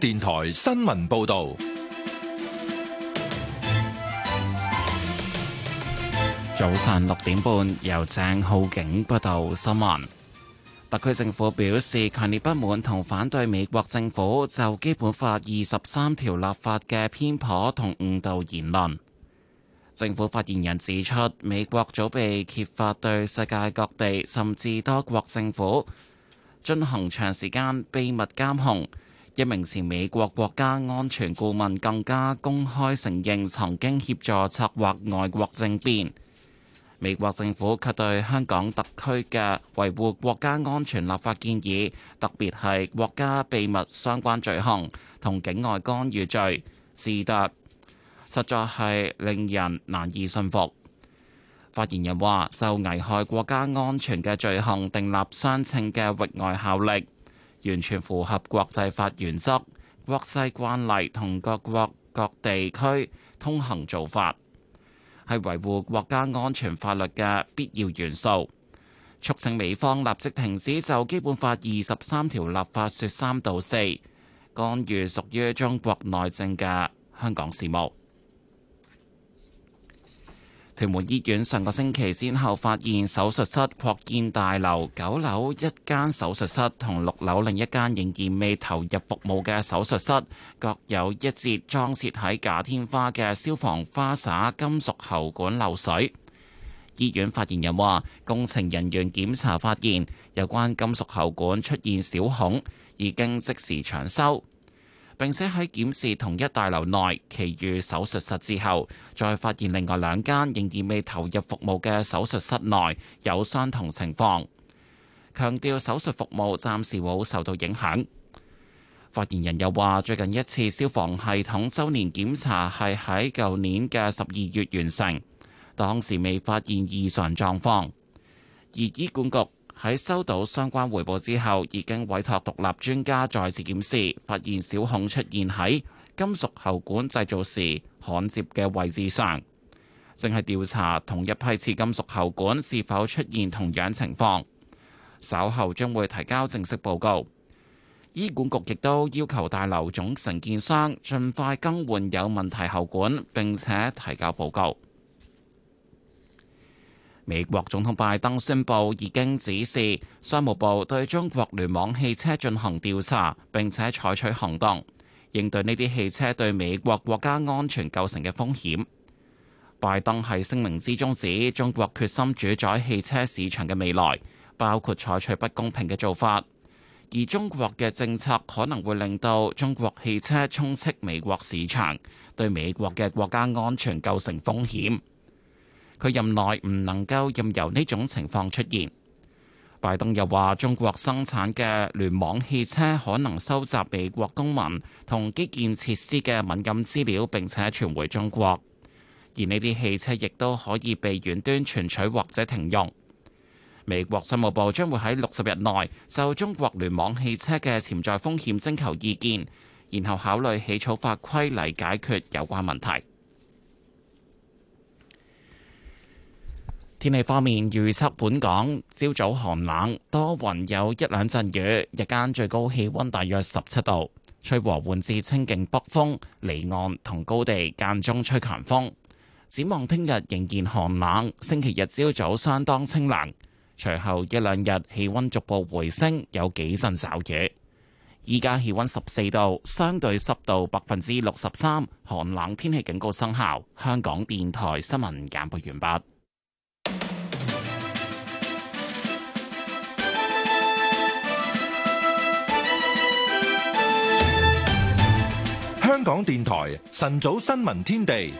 電台新聞報道，早晨六點半，由鄭浩景報道新聞。特區政府表示強烈不滿同反對美國政府就《基本法》二十三條立法嘅偏頗同誤導言論。政府發言人指出，美國早被揭發對世界各地甚至多國政府進行長時間秘密監控。一名前美國國家安全顧問更加公開承認曾經協助策劃外國政變。美國政府卻對香港特區嘅維護國家安全立法建議，特別係國家秘密相關罪行同境外干預罪，是得，實在係令人難以信服。發言人話：就危害國家安全嘅罪行訂立相稱嘅域外效力。完全符合國際法原則、國際慣例同各國各地區通行做法，係維護國家安全法律嘅必要元素，促請美方立即停止就基本法二十三條立法說三道四，干預屬於中國內政嘅香港事務。屯門醫院上個星期先後發現，手術室擴建大樓九樓一間手術室同六樓另一間仍然未投入服務嘅手術室，各有一節裝設喺假天花嘅消防花灑金屬喉管漏水。醫院發言人話：工程人員檢查發現有關金屬喉管出現小孔，已經即時搶修。並且喺檢視同一大樓內其餘手術室之後，再發現另外兩間仍然未投入服務嘅手術室內有相同情況。強調手術服務暫時冇受到影響。發言人又話，最近一次消防系統週年檢查係喺舊年嘅十二月完成，當時未發現異常狀況。而醫管局喺收到相關回報之後，已經委託獨立專家再次檢視，發現小孔出現喺金屬喉管製造時焊接嘅位置上，正係調查同一批次金屬喉管是否出現同樣情況。稍後將會提交正式報告。醫管局亦都要求大樓總承建商盡快更換有問題喉管，並且提交報告。美國總統拜登宣布已經指示商務部對中國聯網汽車進行調查，並且採取行動，應對呢啲汽車對美國國家安全構成嘅風險。拜登喺聲明之中指，中國決心主宰汽車市場嘅未來，包括採取不公平嘅做法，而中國嘅政策可能會令到中國汽車充斥美國市場，對美國嘅國家安全構成風險。佢任內唔能夠任由呢種情況出現。拜登又話：中國生產嘅聯網汽車可能收集美國公民同基建設施嘅敏感資料，並且傳回中國。而呢啲汽車亦都可以被遠端存取或者停用。美國商務部將會喺六十日內就中國聯網汽車嘅潛在風險徵求意見，然後考慮起草法規嚟解決有關問題。天氣方面，預測本港朝早寒冷多雲，有一兩陣雨。日間最高氣溫大約十七度，吹和緩至清勁北風，離岸同高地間中吹強風。展望聽日仍然寒冷，星期日朝早，早相當清涼，隨後一兩日氣溫逐步回升，有幾陣驟雨。依家氣溫十四度，相對濕度百分之六十三，寒冷天氣警告生效。香港電台新聞簡報完畢。香港電台晨早新聞天地。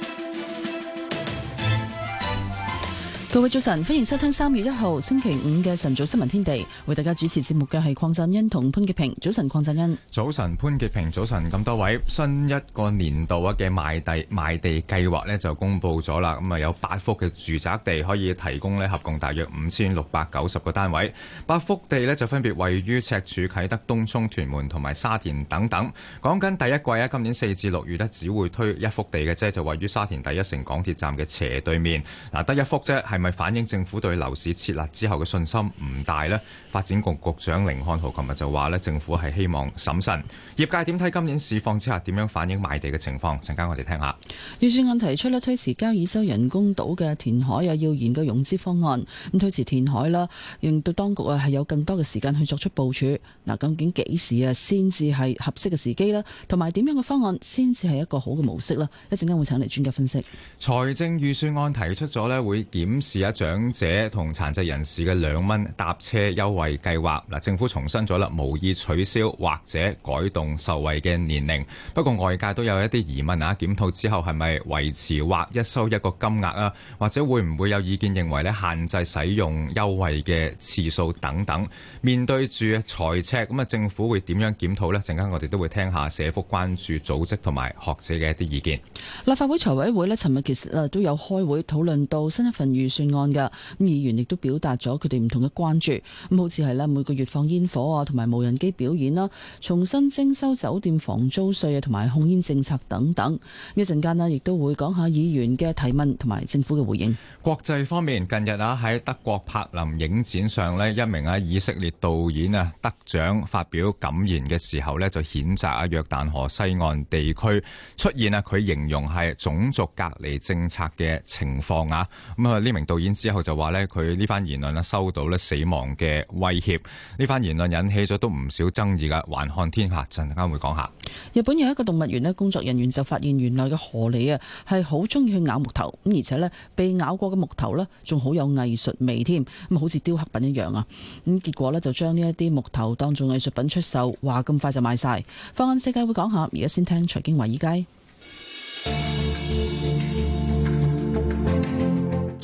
各位早晨，歡迎收聽三月一號星期五嘅晨早新聞天地。為大家主持節目嘅係鄺振恩同潘潔平。早晨，鄺振恩。早晨，潘潔平。早晨，咁多位，新一個年度啊嘅賣地賣地計劃咧就公布咗啦。咁啊有八幅嘅住宅地可以提供咧，合共大約五千六百九十個單位。八幅地咧就分別位於赤柱啟德、東涌屯門同埋沙田等等。講緊第一季啊，今年四至六月咧只會推一幅地嘅啫，就位於沙田第一城港鐵站嘅斜對面。嗱，得一幅啫，係。係咪反映政府對樓市設立之後嘅信心唔大呢？發展局局長凌漢豪琴日就話咧，政府係希望審慎。業界點睇今年市況之下點樣反映賣地嘅情況？陣間我哋聽下。預算案提出咧，推遲交椅洲人工島嘅填海，又要研究融資方案。咁推遲填海啦，令到當局啊係有更多嘅時間去作出部署。嗱，究竟幾時啊先至係合適嘅時機呢？同埋點樣嘅方案先至係一個好嘅模式呢？一陣間會請嚟專家分析。財政預算案提出咗咧，會檢。試下長者同殘疾人士嘅兩蚊搭車優惠計劃。嗱，政府重申咗啦，無意取消或者改動受惠嘅年齡。不過外界都有一啲疑問啊，檢討之後係咪維持或一收一個金額啊？或者會唔會有意見認為呢限制使用優惠嘅次數等等？面對住財赤咁啊，政府會點樣檢討呢？陣間我哋都會聽下社福關注組織同埋學者嘅一啲意見。立法會財委會呢，尋日其實都有開會討論到新一份預算。案嘅咁，議員亦都表達咗佢哋唔同嘅關注，咁好似係呢每個月放煙火啊，同埋無人機表演啦，重新徵收酒店房租稅啊，同埋控煙政策等等。咁一陣間呢，亦都會講下議員嘅提問同埋政府嘅回應。國際方面，近日啊喺德國柏林影展上呢，一名啊以色列導演啊得獎發表感言嘅時候呢，就譴責啊約旦河西岸地區出現啊佢形容係種族隔離政策嘅情況啊。咁啊呢名導演之後就話呢，佢呢番言論啦，收到咧死亡嘅威脅。呢番言論引起咗都唔少爭議噶。還看天下，陣間會講下。日本有一個動物園呢，工作人員就發現原來嘅河狸啊係好中意去咬木頭，咁而且呢，被咬過嘅木頭呢仲好有藝術味添，咁好似雕刻品一樣啊。咁結果呢，就將呢一啲木頭當做藝術品出售，話咁快就賣晒。放眼世界會講下，而家先聽財經華爾街。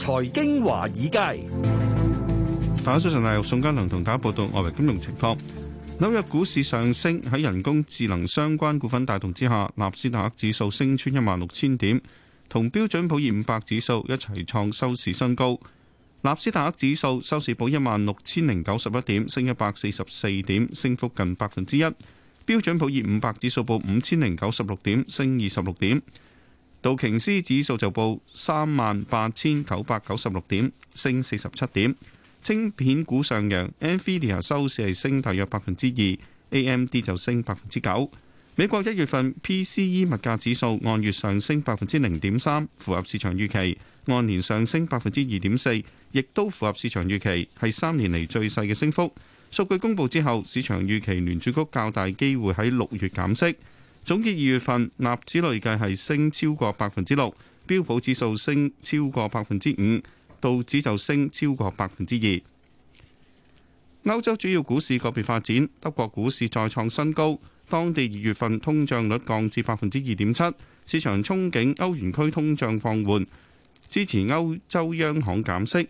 財經華爾街，大家早晨，由宋家良同大家報道外圍金融情況。紐約股市上升，喺人工智能相關股份帶動之下，納斯達克指數升穿一萬六千點，同標準普爾五百指數一齊創收市新高。納斯達克指數收市報一萬六千零九十一點，升一百四十四點，升幅近百分之一。標準普爾五百指數報五千零九十六點，升二十六點。道瓊斯指數就報三萬八千九百九十六點，升四十七點。晶片股上揚，Nvidia 收市係升大約百分之二，AMD 就升百分之九。美國一月份 PCE 物價指數按月上升百分之零點三，符合市場預期；按年上升百分之二點四，亦都符合市場預期，係三年嚟最細嘅升幅。數據公布之後，市場預期聯儲局較大機會喺六月減息。總結二月份，納指累計係升超過百分之六，標普指數升超過百分之五，道指就升超過百分之二。歐洲主要股市個別發展，德國股市再創新高，當地二月份通脹率降至百分之二點七，市場憧憬歐元區通脹放緩，支持歐洲央行減息。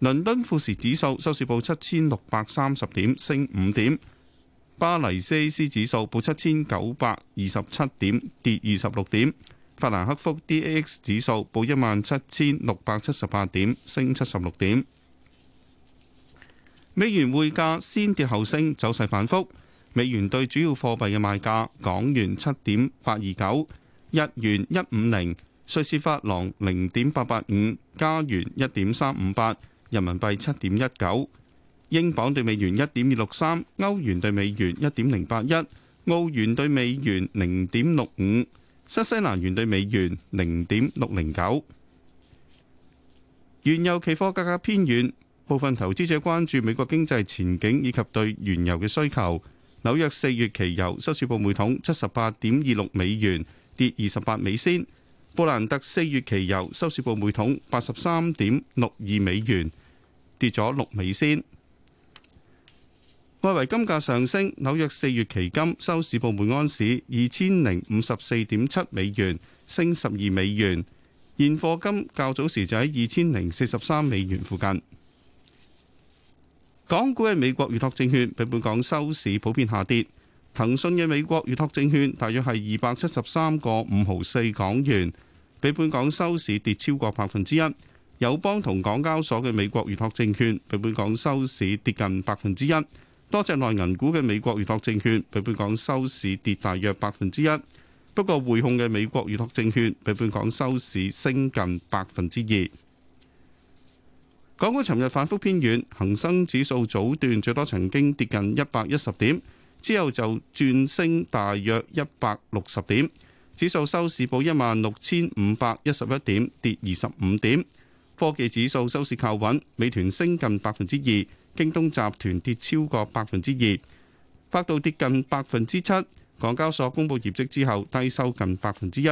倫敦富時指數收市報七千六百三十點，升五點。巴黎 CAC 指數報七千九百二十七點，跌二十六點。法蘭克福 DAX 指數報一萬七千六百七十八點，升七十六點。美元匯價先跌後升，走勢反覆。美元兌主要貨幣嘅賣價：港元七點八二九，日元一五零，瑞士法郎零點八八五，加元一點三五八，人民幣七點一九。英鎊兌美元一點二六三，歐元兌美元一點零八一，澳元兌美元零點六五，新西蘭元兌美元零點六零九。原油期貨價格偏軟，部分投資者關注美國經濟前景以及對原油嘅需求。紐約四月期油收市報每桶七十八點二六美元，跌二十八美仙。布蘭特四月期油收市報每桶八十三點六二美元，跌咗六美仙。外圍金價上升，紐約四月期金收市報每安市二千零五十四點七美元，升十二美元。現貨金較早時就喺二千零四十三美元附近。港股嘅美國預託證券比本港收市普遍下跌，騰訊嘅美國預託證券大約係二百七十三個五毫四港元，比本港收市跌超過百分之一。友邦同港交所嘅美國預託證券比本港收市跌近百分之一。多隻內銀股嘅美國預託證券，比本港收市跌大約百分之一。不過匯控嘅美國預託證券，比本港收市升近百分之二。港股尋日反覆偏軟，恒生指數早段最多曾經跌近一百一十點，之後就轉升大約一百六十點。指數收市報一萬六千五百一十一點，跌二十五點。科技指數收市靠穩，美團升近百分之二。京東集團跌超過百分之二，百度跌近百分之七。港交所公布業績之後，低收近百分之一。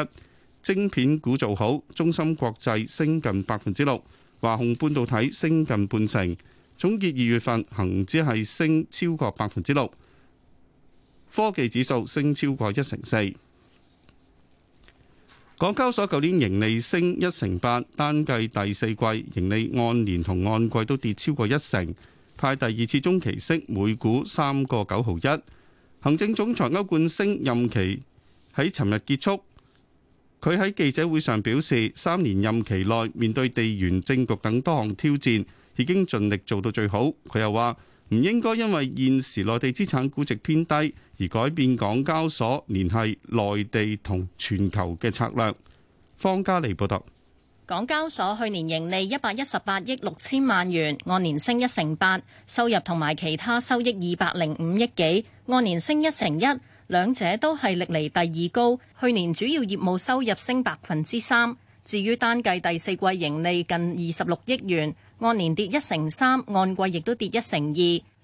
晶片股做好，中芯國際升近百分之六，華虹半導體升近半成。總結二月份恒指係升超過百分之六，科技指數升超過一成四。港交所舊年盈利升一成八，單計第四季盈利按年同按季都跌超過一成。派第二次中期息，每股三個九毫一。行政總裁歐冠升任期喺尋日結束，佢喺記者會上表示，三年任期內面對地緣政局等多項挑戰，已經盡力做到最好。佢又話唔應該因為現時內地資產估值偏低而改變港交所聯繫內地同全球嘅策略。方嘉麗報道。港交所去年盈利一百一十八億六千萬元，按年升一成八，收入同埋其他收益二百零五億幾，按年升一成一，兩者都係歷嚟第二高。去年主要業務收入升百分之三，至於單計第四季盈利近二十六億元，按年跌一成三，按季亦都跌一成二，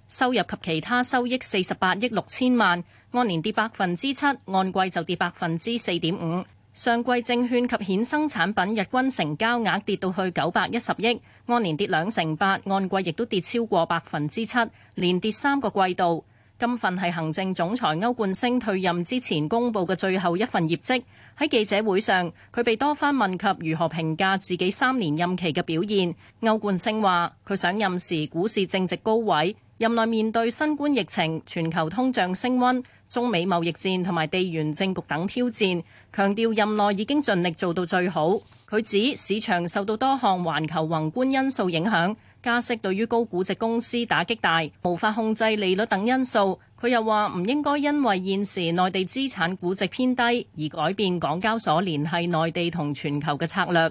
收入及其他收益四十八億六千萬，按年跌百分之七，按季就跌百分之四點五。上季證券及衍生產品日均成交額跌到去九百一十億，按年跌兩成八，按季亦都跌超過百分之七，連跌三個季度。今份係行政總裁歐冠昇退任之前公布嘅最後一份業績。喺記者會上，佢被多番問及如何評價自己三年任期嘅表現。歐冠昇話：佢上任時股市正值高位，任內面對新冠疫情、全球通脹升温、中美貿易戰同埋地緣政局等挑戰。強調任內已經盡力做到最好。佢指市場受到多項環球宏觀因素影響，加息對於高估值公司打擊大，無法控制利率等因素。佢又話唔應該因為現時內地資產估值偏低而改變港交所聯繫內地同全球嘅策略。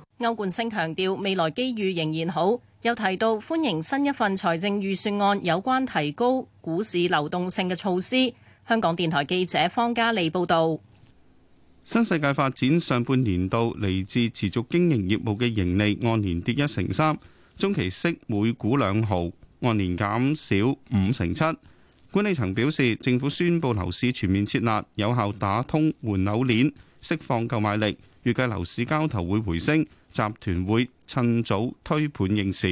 歐冠昇強調未來機遇仍然好，又提到歡迎新一份財政預算案有關提高股市流動性嘅措施。香港電台記者方嘉利報道。新世界發展上半年度嚟自持續經營業務嘅盈利按年跌一成三，中期息每股兩毫，按年減少五成七。管理層表示，政府宣布樓市全面撤辣，有效打通換樓鏈，釋放購買力，預計樓市交投會回升。集團會趁早推盤應市，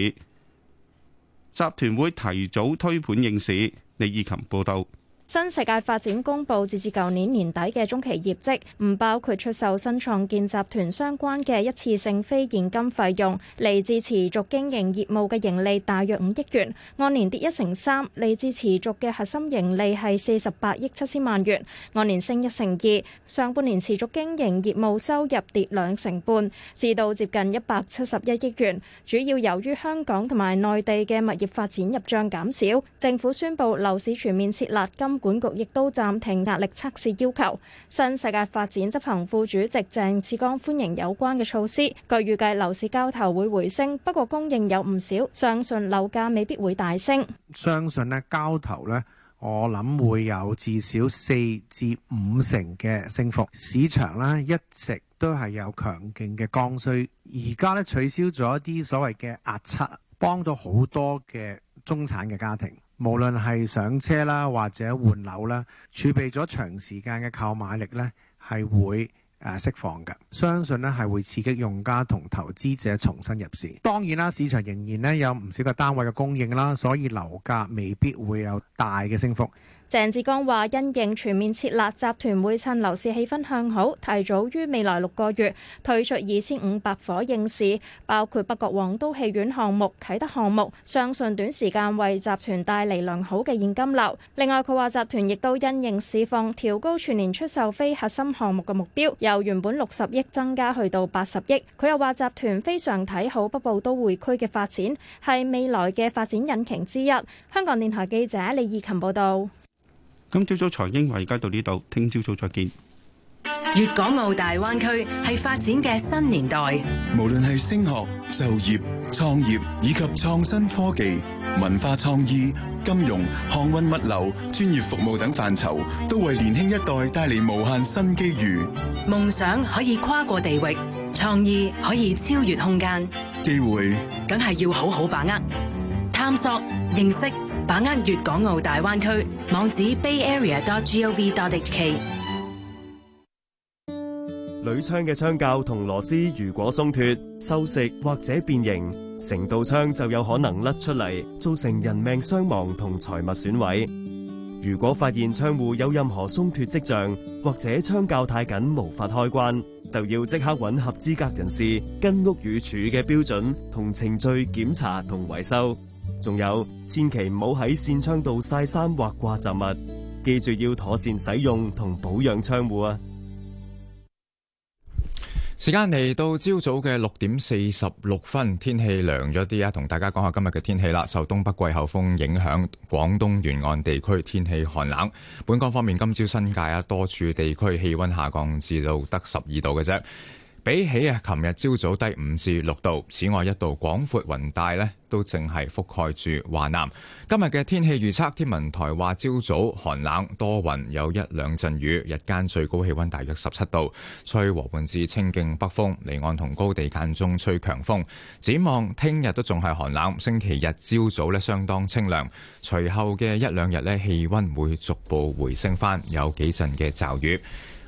集團會提早推盤應市。李以琴報道。新世界發展公布截至舊年年底嘅中期業績，唔包括出售新創建集團相關嘅一次性非現金費用，嚟自持續經營業務嘅盈利大約五億元，按年跌一成三。嚟自持續嘅核心盈利係四十八億七千萬元，按年升一成二。上半年持續經營業務收入跌兩成半，至到接近一百七十一億元，主要由於香港同埋內地嘅物業發展入賬減少。政府宣布樓市全面撤辣金。管局亦都暫停壓力測試要求。新世界發展執行副主席鄭志剛歡迎有關嘅措施。據預計樓市交投會回升，不過供應有唔少，相信樓價未必會大升。相信咧交投咧，我諗會有至少四至五成嘅升幅。市場咧一直都係有強勁嘅剛需，而家咧取消咗一啲所謂嘅壓測，幫咗好多嘅中產嘅家庭。無論係上車啦，或者換樓啦，儲備咗長時間嘅購買力呢，係會誒釋放嘅。相信呢係會刺激用家同投資者重新入市。當然啦，市場仍然呢有唔少個單位嘅供應啦，所以樓價未必會有大嘅升幅。鄭志剛話：，因應全面設立集團，會趁樓市氣氛向好，提早於未來六個月推出二千五百伙應市，包括北角皇都戲院項目、啟德項目，相信短時間為集團帶嚟良好嘅現金流。另外，佢話集團亦都因應市況，調高全年出售非核心項目嘅目標，由原本六十億增加去到八十億。佢又話集團非常睇好北部都會區嘅發展，係未來嘅發展引擎之一。香港電台記者李義琴報道。今朝早，財經為講到呢度，聽朝早再見。粵港澳大灣區係發展嘅新時代，無論係升學、就業、創業以及創新科技、文化創意、金融、航運、物流、專業服務等範疇，都為年輕一代帶嚟無限新機遇。夢想可以跨過地域，創意可以超越空間，機會梗係要好好把握，探索認識。把握粵港澳大灣區網址：bayarea.gov.hk。鋁窗嘅窗鉸同螺絲如果鬆脫、銹蝕或者變形，成道窗就有可能甩出嚟，造成人命傷亡同財物損毀。如果發現窗戶有任何鬆脱跡象，或者窗鉸太緊無法開關，就要即刻揾合資格人士，跟屋宇署嘅標準同程序檢查同維修。仲有，千祈唔好喺扇窗度晒衫或掛雜物，記住要妥善使用同保養窗戶啊！時間嚟到朝早嘅六點四十六分，天氣涼咗啲啊，同大家講下今日嘅天氣啦。受東北季候風影響，廣東沿岸地區天氣寒冷。本港方面，今朝新界啊多處地區氣溫下降至到得十二度嘅啫。比起啊，琴日朝早低五至六度。此外，一道廣闊雲帶呢都正係覆蓋住華南。今日嘅天氣預測，天文台話朝早寒冷多雲有一兩陣雨；日間最高氣溫大約十七度，吹和緩至清勁北風，離岸同高地間中吹強風。展望聽日都仲係寒冷，星期日朝早呢相當清涼，隨後嘅一兩日呢氣溫會逐步回升翻，有幾陣嘅驟雨。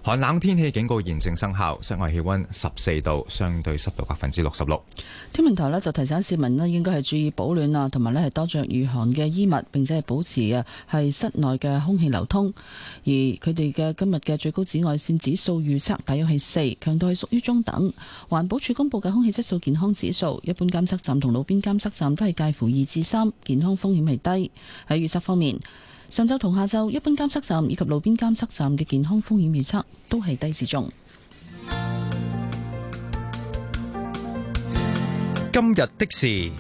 寒冷天氣警告現正生效，室外氣溫十四度，相對濕度百分之六十六。天文台咧就提醒市民咧，應該係注意保暖啊，同埋咧係多着禦寒嘅衣物，並且係保持嘅係室內嘅空氣流通。而佢哋嘅今日嘅最高紫外線指數預測大約係四，強度係屬於中等。環保署公布嘅空氣質素健康指數，一般監測站同路邊監測站都係介乎二至三，健康風險係低。喺預測方面，上晝同下晝，一般監測站以及路邊監測站嘅健康風險預測都係低至中。今日的事。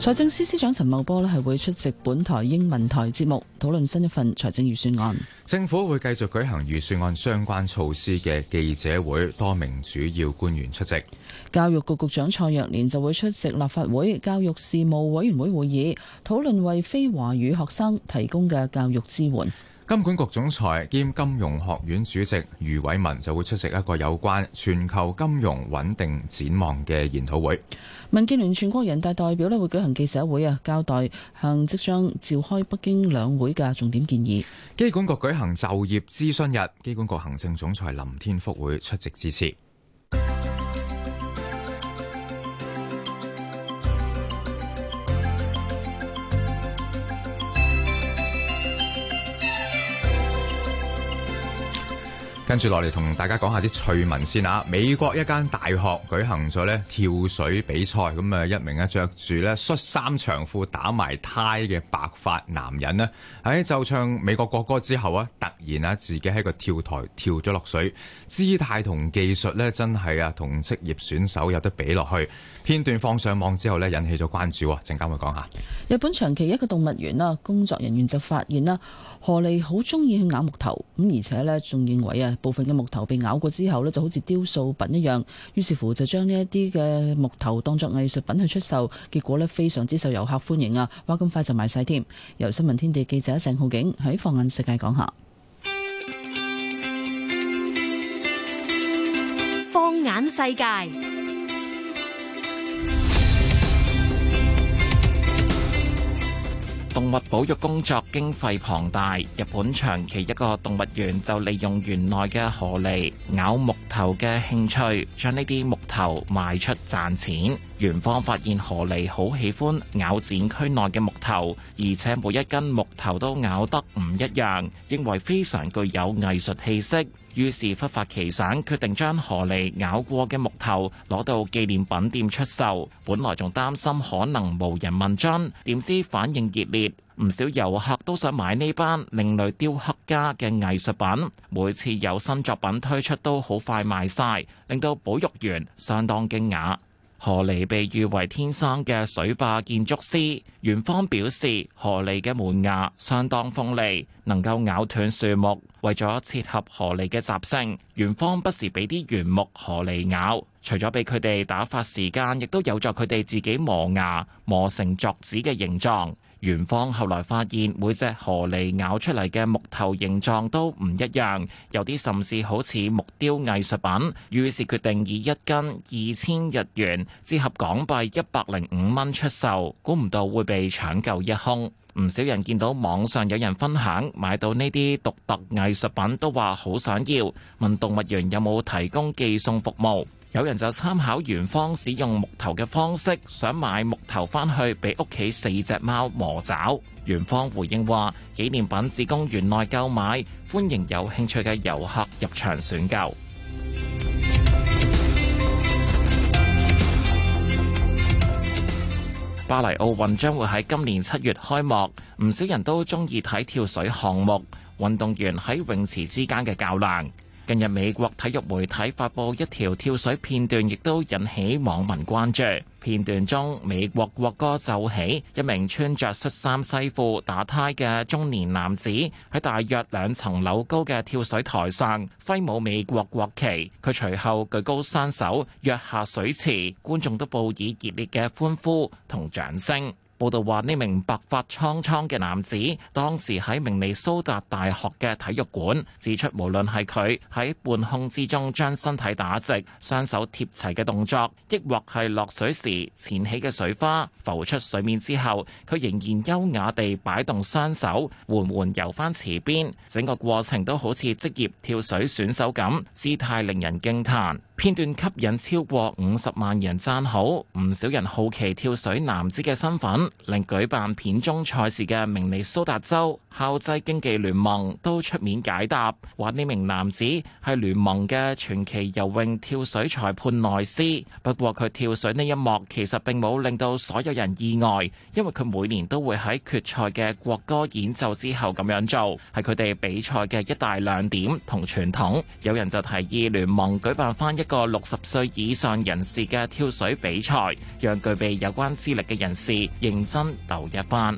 財政司司長陳茂波咧係會出席本台英文台節目，討論新一份財政預算案。政府會繼續舉行預算案相關措施嘅記者會，多名主要官員出席。教育局局長蔡若蓮就會出席立法會教育事務委員會會議，討論為非華語學生提供嘅教育支援。金管局總裁兼金融學院主席余偉文就會出席一個有關全球金融穩定展望嘅研討會。民建聯全國人大代表呢會舉行記者會啊，交代向即將召開北京兩會嘅重點建議。機管局舉行就業諮詢日，機管局行政總裁林天福會出席支持。跟住落嚟，同大家講下啲趣聞先吓、啊。美國一間大學舉行咗咧跳水比賽，咁啊一名啊着住咧恤衫長褲打埋呔嘅白發男人咧，喺、哎、奏唱美國國歌之後啊，突然啊自己喺個跳台跳咗落水，姿態同技術咧真係啊同職業選手有得比落去。片段放上網之後咧，引起咗關注、哦。陣間會講下，日本長期一個動物園啦，工作人員就發現啦。何利好中意去咬木頭，咁而且咧仲認為啊，部分嘅木頭被咬過之後咧，就好似雕塑品一樣，於是乎就將呢一啲嘅木頭當作藝術品去出售，結果咧非常之受遊客歡迎啊，話咁快就賣晒添。由新聞天地記者鄭浩景喺放眼世界講下。放眼世界。動物保育工作經費龐大，日本長期一個動物園就利用園內嘅河狸咬木頭嘅興趣，將呢啲木頭賣出賺錢。園方發現河狸好喜歡咬展區內嘅木頭，而且每一根木頭都咬得唔一樣，認為非常具有藝術氣息。於是忽發奇想，決定將河狸咬過嘅木頭攞到紀念品店出售。本來仲擔心可能無人問津，點知反應熱烈，唔少遊客都想買呢班另類雕刻家嘅藝術品。每次有新作品推出都好快賣晒，令到保育員相當驚訝。河狸被譽為天生嘅水壩建築師。園方表示，河狸嘅門牙相當鋒利，能夠咬斷樹木。為咗切合河狸嘅習性，園方不時俾啲原木河狸咬，除咗俾佢哋打發時間，亦都有助佢哋自己磨牙磨成作紙嘅形狀。園方後來發現每隻河狸咬出嚟嘅木頭形狀都唔一樣，有啲甚至好似木雕藝術品，於是決定以一斤二千日元折合港幣一百零五蚊出售。估唔到會被搶購一空，唔少人見到網上有人分享買到呢啲獨特藝術品，都話好想要，問動物園有冇提供寄送服務。有人就參考園方使用木頭嘅方式，想買木頭返去俾屋企四隻貓磨爪。園方回應話：紀念品只供公園內購買，歡迎有興趣嘅遊客入場選購。巴黎奧運將會喺今年七月開幕，唔少人都中意睇跳水項目運動員喺泳池之間嘅較量。近日，美國體育媒體發布一條跳水片段，亦都引起網民關注。片段中，美國國歌奏起，一名穿着恤衫西褲打呔嘅中年男子喺大約兩層樓高嘅跳水台上揮舞美國國旗。佢隨後舉高雙手躍下水池，觀眾都報以熱烈嘅歡呼同掌聲。報道話：呢名白髮蒼蒼嘅男子當時喺明尼蘇達大學嘅體育館指出，無論係佢喺半空之中將身體打直、雙手貼齊嘅動作，抑或係落水時濺起嘅水花，浮出水面之後，佢仍然優雅地擺動雙手，緩緩游翻池邊，整個過程都好似職業跳水選手咁，姿態令人驚嘆。片段吸引超過50萬人讚好，唔少人好奇跳水男子嘅身份，令舉辦片中賽事嘅明尼蘇達州，校際競技聯盟都出面解答。話，呢名男子係聯盟嘅傳奇游泳跳水裁判內斯，不過佢跳水呢一幕其實並冇令到所有人意外，因為佢每年都會喺決賽嘅國歌演奏之後咁樣做，係佢哋比賽嘅一大亮點同傳統，有人就提議聯盟舉辦翻一一個六十歲以上人士嘅跳水比賽，讓具備有關資歷嘅人士認真鬥一番。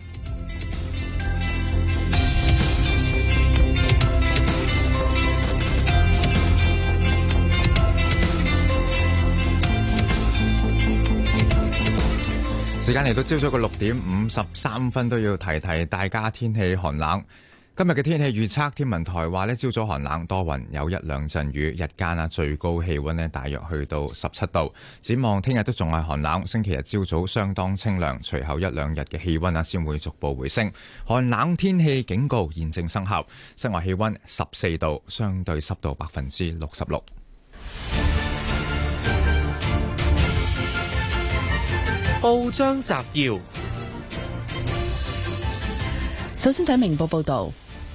時間嚟到朝早個六點五十三分，都要提提大家天氣寒冷。今日嘅天氣預測，天文台話呢朝早寒冷多雲，有一兩陣雨。日間啊，最高氣溫呢大約去到十七度。展望聽日都仲係寒冷，星期日朝早相當清涼，隨後一兩日嘅氣溫啊，先會逐步回升。寒冷天氣警告現正生效，室外氣溫十四度，相對濕度百分之六十六。報章摘要，首先睇明報報道。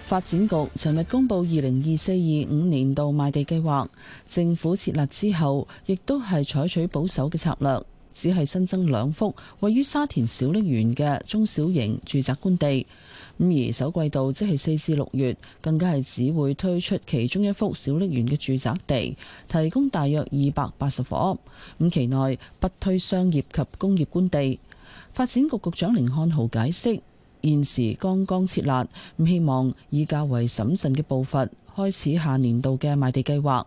發展局尋日公布二零二四、二五年度賣地計劃，政府設立之後，亦都係採取保守嘅策略，只係新增兩幅位於沙田小瀝源嘅中小型住宅官地。咁而首季度即係四至六月，更加係只會推出其中一幅小瀝源嘅住宅地，提供大約二百八十伙。咁期內不推商業及工業官地。發展局局長甯漢豪解釋。現時剛剛設立，唔希望以較為審慎嘅步伐開始下年度嘅賣地計劃。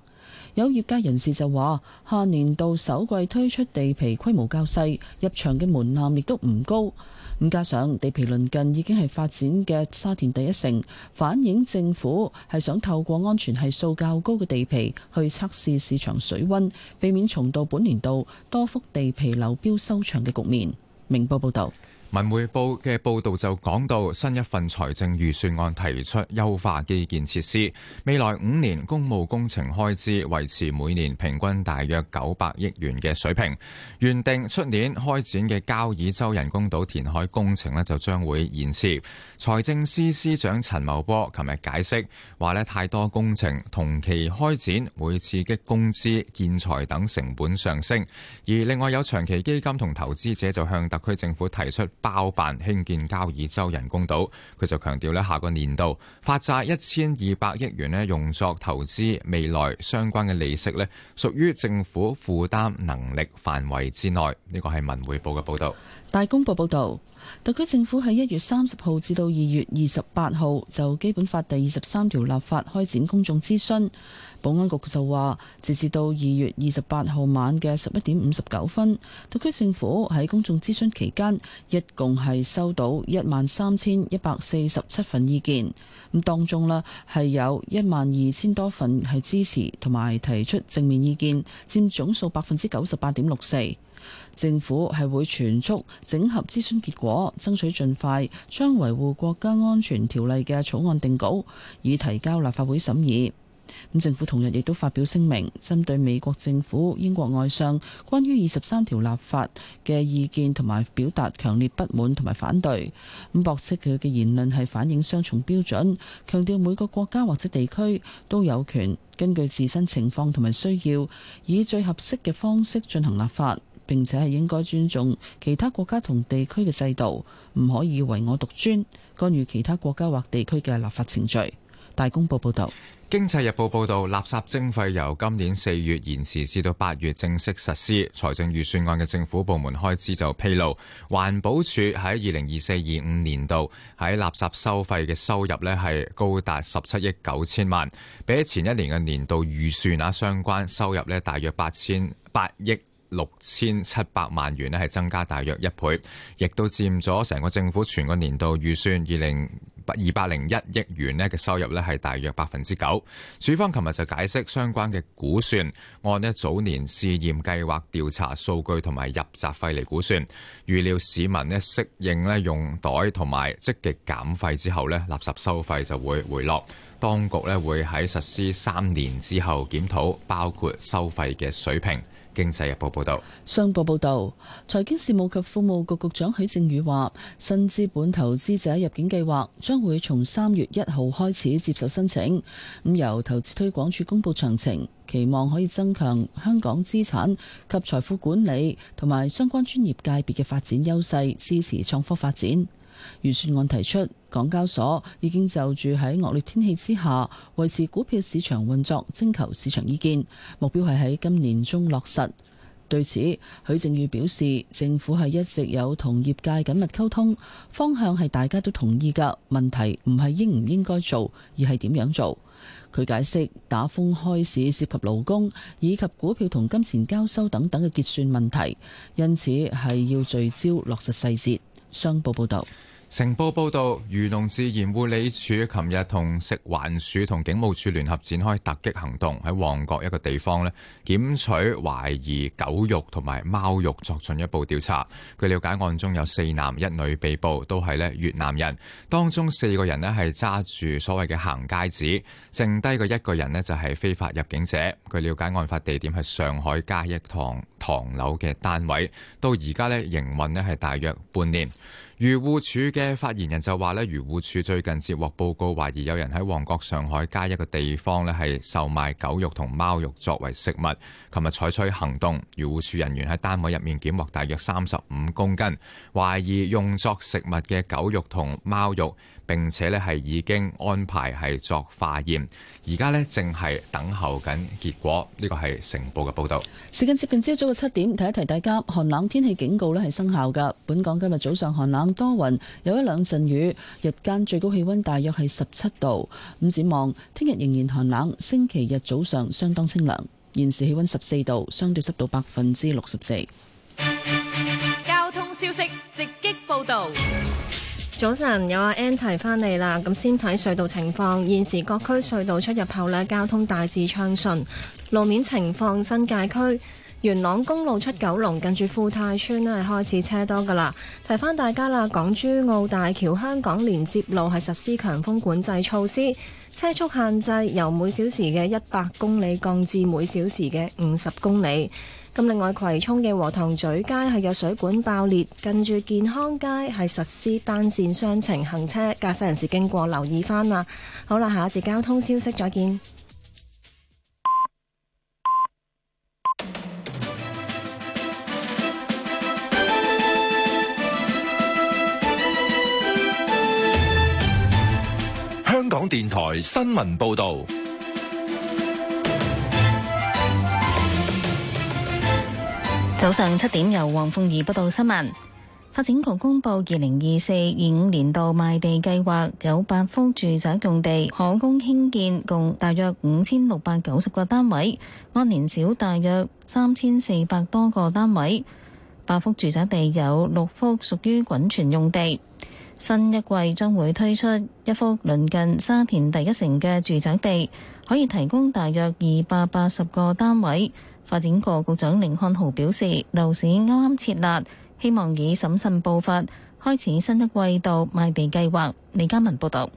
有業界人士就話：下年度首季推出地皮規模較細，入場嘅門檻亦都唔高。咁加上地皮鄰近已經係發展嘅沙田第一城，反映政府係想透過安全係數較高嘅地皮去測試市場水溫，避免重蹈本年度多幅地皮流標收場嘅局面。明報報導。文匯報嘅報道就講到，新一份財政預算案提出優化基建設施，未來五年公務工程開支維持每年平均大約九百億元嘅水平。原定出年開展嘅交椅洲人工島填海工程呢，就將會延遲。財政司司長陳茂波琴日解釋，話呢太多工程同期開展會刺激工資、建材等成本上升，而另外有長期基金同投資者就向特區政府提出。包辦興建交椅洲人工島，佢就強調咧，下個年度發債一千二百億元咧，用作投資未來相關嘅利息咧，屬於政府負擔能力範圍之內。呢個係文匯報嘅報導。大公報報導，特區政府喺一月三十號至到二月二十八號就基本法第二十三條立法開展公眾諮詢。保安局就話，截至到二月二十八號晚嘅十一點五十九分，特區政府喺公眾諮詢期間，一共係收到一萬三千一百四十七份意見。咁當中呢，係有一萬二千多份係支持同埋提出正面意見，佔總數百分之九十八點六四。政府係會全速整合諮詢結果，爭取盡快將維護國家安全條例嘅草案定稿，以提交立法會審議。咁政府同日亦都發表聲明，針對美國政府、英國外相關於二十三條立法嘅意見同埋表達強烈不滿同埋反對，咁駁斥佢嘅言論係反映雙重標準，強調每個國家或者地區都有權根據自身情況同埋需要，以最合適嘅方式進行立法，並且係應該尊重其他國家同地區嘅制度，唔可以唯我獨尊，干預其他國家或地區嘅立法程序。大公報報道，《經濟日報》報道，垃圾徵費由今年四月延遲至到八月正式實施。財政預算案嘅政府部門開支就披露，環保署喺二零二四二五年度喺垃圾收費嘅收入呢係高達十七億九千萬，比起前一年嘅年度預算啊相關收入呢，大約八千八億六千七百萬元呢係增加大約一倍，亦都佔咗成個政府全個年度預算二零。二百零一億元咧嘅收入咧係大約百分之九。署方琴日就解釋相關嘅估算，按一早年試驗計劃調查數據同埋入閘費嚟估算，預料市民咧適應咧用袋同埋積極減費之後咧，垃圾收費就會回落。當局咧會喺實施三年之後檢討，包括收費嘅水平。經濟日報報道，商報報道，財經事務及庫務局局長許正宇話，新資本投資者入境計劃將會從三月一號開始接受申請，咁由投資推廣署公布詳情，期望可以增強香港資產及財富管理同埋相關專業界別嘅發展優勢，支持創科發展。預算案提出，港交所已經就住喺惡劣天氣之下維持股票市場運作，徵求市場意見，目標係喺今年中落實。對此，許正宇表示，政府係一直有同業界緊密溝通，方向係大家都同意㗎，問題，唔係應唔應該做，而係點樣做。佢解釋打風開市涉及勞工以及股票同金錢交收等等嘅結算問題，因此係要聚焦落實細節。商報報導。成報報道，漁農自然護理署琴日同食環署同警務處聯合展開突擊行動，喺旺角一個地方咧，檢取懷疑狗肉同埋貓肉作進一步調查。據了解，案中有四男一女被捕，都係咧越南人。當中四個人咧係揸住所謂嘅行街紙，剩低嘅一個人咧就係非法入境者。據了解，案發地點係上海嘉益堂唐樓嘅單位，到而家咧營運咧係大約半年。漁護署嘅發言人就話咧，漁護署最近接獲報告，懷疑有人喺旺角上海街一個地方咧係售賣狗肉同貓肉作為食物。琴日採取行動，漁護署人員喺單位入面檢獲大約三十五公斤，懷疑用作食物嘅狗肉同貓肉。並且咧係已經安排係作化驗，而家咧正係等候緊結果。呢個係成報嘅報道。時間接近朝早嘅七點，提一提大家，寒冷天氣警告咧係生效噶。本港今日早上寒冷多雲，有一兩陣雨，日間最高氣溫大約係十七度。展望聽日仍然寒冷，星期日早上相當清涼。現時氣溫十四度，相對濕度百分之六十四。交通消息直擊報道。早晨，有阿 Ann 提翻嚟啦。咁先睇隧道情況，現時各區隧道出入口咧，交通大致暢順。路面情況新界區元朗公路出九龍近住富泰邨咧，係開始車多噶啦提翻大家啦，港珠澳大橋香港連接路係實施強風管制措施，車速限制由每小時嘅一百公里降至每小時嘅五十公里。咁另外葵、葵涌嘅禾塘咀街係有水管爆裂，近住健康街係實施單線雙程行車，駕駛人士經過留意翻啦。好啦，下一節交通消息再見。香港電台新聞報道。早上七點，由黃鳳儀報道新聞。發展局公布二零二四二五年度賣地計劃，有八幅住宅用地可供興建，共大約五千六百九十個單位，按年少大約三千四百多個單位。八幅住宅地有六幅屬於滾存用地，新一季將會推出一幅鄰近沙田第一城嘅住宅地，可以提供大約二百八十個單位。發展局局長甯漢豪表示，樓市啱啱撤辣，希望以審慎步伐開始新一季度賣地計劃。李嘉文報道。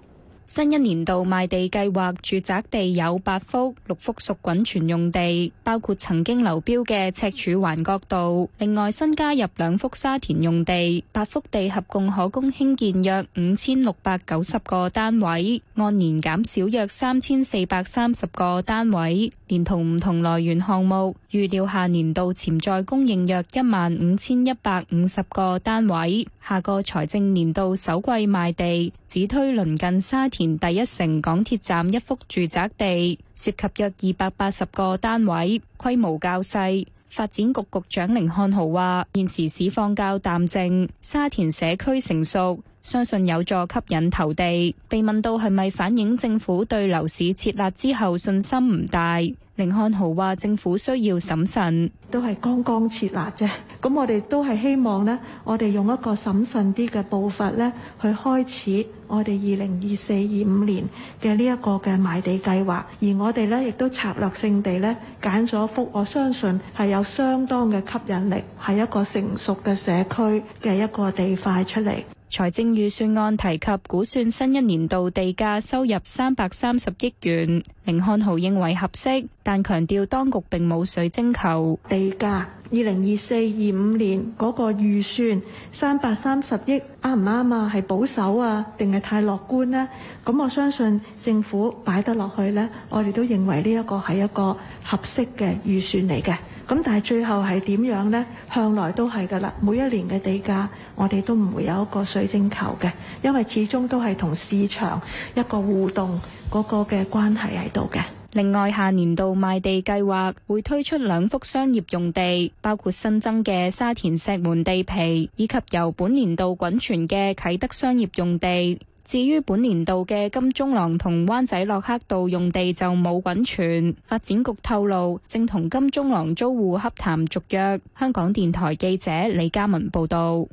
新一年度賣地計劃，住宅地有八幅，六幅屬滾存用地，包括曾經流標嘅赤柱環角道。另外，新加入兩幅沙田用地，八幅地合共可供興建約五千六百九十個單位，按年減少約三千四百三十個單位。連同唔同來源項目，預料下年度潛在供應約一萬五千一百五十個單位。下個財政年度首季賣地。只推鄰近沙田第一城港鐵站一幅住宅地，涉及約二百八十個單位，規模較細。發展局局長甯漢豪話：現時市況較淡靜，沙田社區成熟，相信有助吸引投地。被問到係咪反映政府對樓市設立之後信心唔大？凌漢豪話：政府需要審慎，都係剛剛設立啫。咁我哋都係希望呢，我哋用一個審慎啲嘅步伐呢，去開始我哋二零二四二五年嘅呢一個嘅賣地計劃。而我哋呢，亦都策略性地呢，揀咗幅，我相信係有相當嘅吸引力，係一個成熟嘅社區嘅一個地塊出嚟。財政預算案提及估算新一年度地價收入，三百三十億元，甯漢豪認為合適，但強調當局並冇水晶球。地價二零二四二五年嗰、那個預算三百三十億啱唔啱啊？係保守啊，定係太樂觀呢？咁我相信政府擺得落去呢，我哋都認為呢一個係一個合適嘅預算嚟嘅。咁但係最後係點樣呢？向來都係㗎喇，每一年嘅地價，我哋都唔會有一個水晶球嘅，因為始終都係同市場一個互動嗰個嘅關係喺度嘅。另外，下年度賣地計劃會推出兩幅商業用地，包括新增嘅沙田石門地皮，以及由本年度滾存嘅啟德商業用地。至於本年度嘅金鐘廊同灣仔洛克道用地就冇滾存。發展局透露正同金鐘廊租戶洽談續約。香港電台記者李嘉文報道。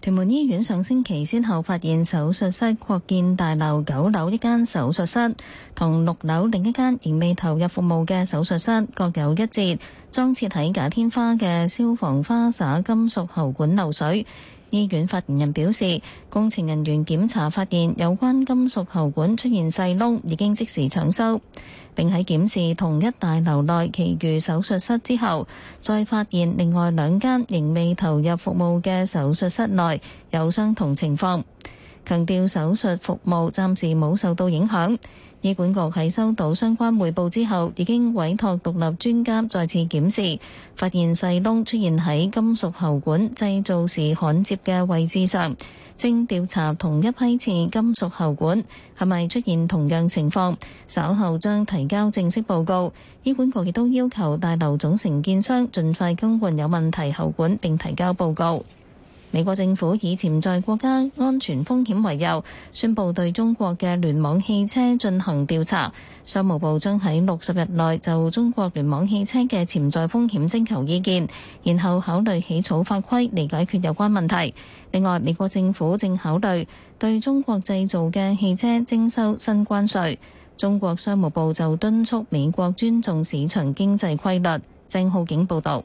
屯門醫院上星期先後發現手術室擴建大樓九樓一間手術室同六樓另一間仍未投入服務嘅手術室各有一節裝設喺假天花嘅消防花灑金屬喉管漏水。醫院發言人表示，工程人員檢查發現有關金屬喉管出現細窿，已經即時搶修，並喺檢視同一大樓內其餘手術室之後，再發現另外兩間仍未投入服務嘅手術室內有相同情況，強調手術服務暫時冇受到影響。醫管局喺收到相關匯報之後，已經委託獨立專家再次檢視，發現細窿出現喺金屬喉管製造時焊接嘅位置上，正調查同一批次金屬喉管係咪出現同樣情況。稍後將提交正式報告。醫管局亦都要求大樓總承建商盡快更換有問題喉管，並提交報告。美國政府以潛在國家安全風險為由，宣布對中國嘅聯網汽車進行調查。商務部將喺六十日內就中國聯網汽車嘅潛在風險徵求意見，然後考慮起草法規嚟解決有關問題。另外，美國政府正考慮對中國製造嘅汽車徵收新關稅。中國商務部就敦促美國尊重市場經濟規律。鄭浩景報道。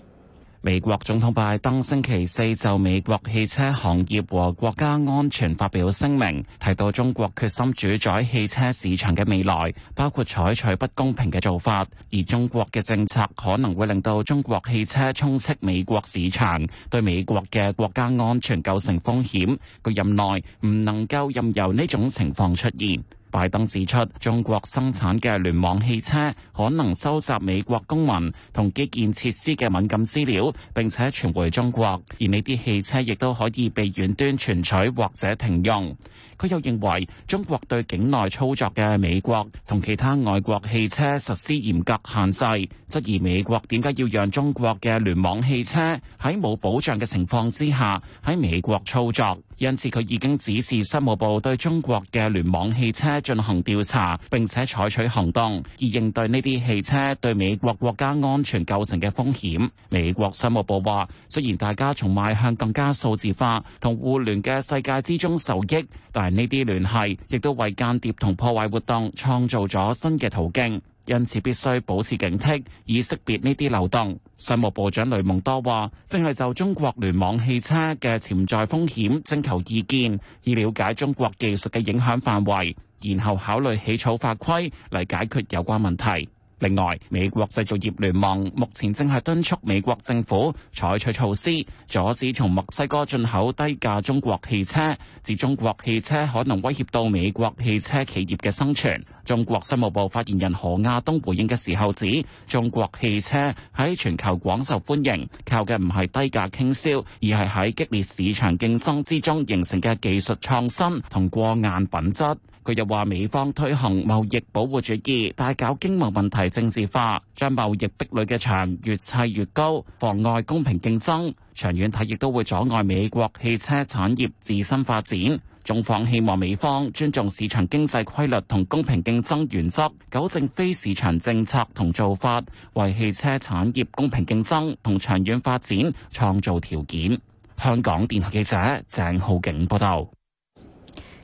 美國總統拜登星期四就美國汽車行業和國家安全發表聲明，提到中國決心主宰汽車市場嘅未來，包括採取不公平嘅做法，而中國嘅政策可能會令到中國汽車充斥美國市場，對美國嘅國家安全構成風險。佢任內唔能夠任由呢種情況出現。拜登指出，中國生產嘅聯網汽車可能收集美國公民同基建設施嘅敏感資料，並且傳回中國，而呢啲汽車亦都可以被遠端存取或者停用。佢又認為中國對境內操作嘅美國同其他外國汽車實施嚴格限制，質疑美國點解要讓中國嘅聯網汽車喺冇保障嘅情況之下喺美國操作。因此，佢已經指示商務部對中國嘅聯網汽車進行調查，並且採取行動，以應對呢啲汽車對美國國家安全構成嘅風險。美國商務部話：雖然大家從邁向更加數字化同互聯嘅世界之中受益，但係呢啲聯繫亦都為間諜同破壞活動創造咗新嘅途徑。因此，必須保持警惕，以識別呢啲漏洞。商務部長雷蒙多話，正係就中國聯網汽車嘅潛在風險徵求意見，以了解中國技術嘅影響範圍，然後考慮起草法規嚟解決有關問題。另外，美國製造業聯盟目前正係敦促美國政府採取措施，阻止從墨西哥進口低價中國汽車，指中國汽車可能威脅到美國汽車企業嘅生存。中國商務部發言人何亞東回應嘅時候指，中國汽車喺全球廣受歡迎，靠嘅唔係低價傾銷，而係喺激烈市場競爭之中形成嘅技術創新同過硬品質。佢又話：美方推行貿易保護主義，大搞經貿問題政治化，將貿易壁壘嘅牆越砌越高，妨礙公平競爭。長遠睇，亦都會阻礙美國汽車產業自身發展。中方希望美方尊重市場經濟規律同公平競爭原則，糾正非市場政策同做法，為汽車產業公平競爭同長遠發展創造條件。香港電台記者鄭浩景報道。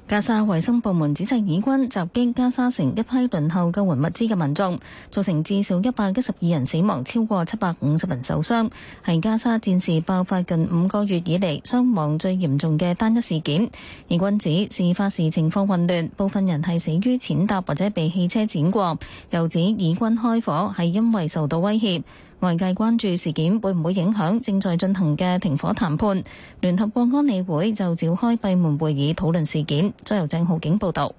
加沙衛生部門指責，以軍襲擊加沙城一批輪候救援物資嘅民眾，造成至少一百一十二人死亡，超過七百五十人受傷，係加沙戰事爆發近五個月以嚟傷亡最嚴重嘅單一事件。以軍指事發時情況混亂，部分人係死於踐踏或者被汽車碾過，又指以軍開火係因為受到威脅。外界關注事件會唔會影響正在進行嘅停火談判。聯合國安理會就召開閉門會議討論事件。周遊正浩警報導。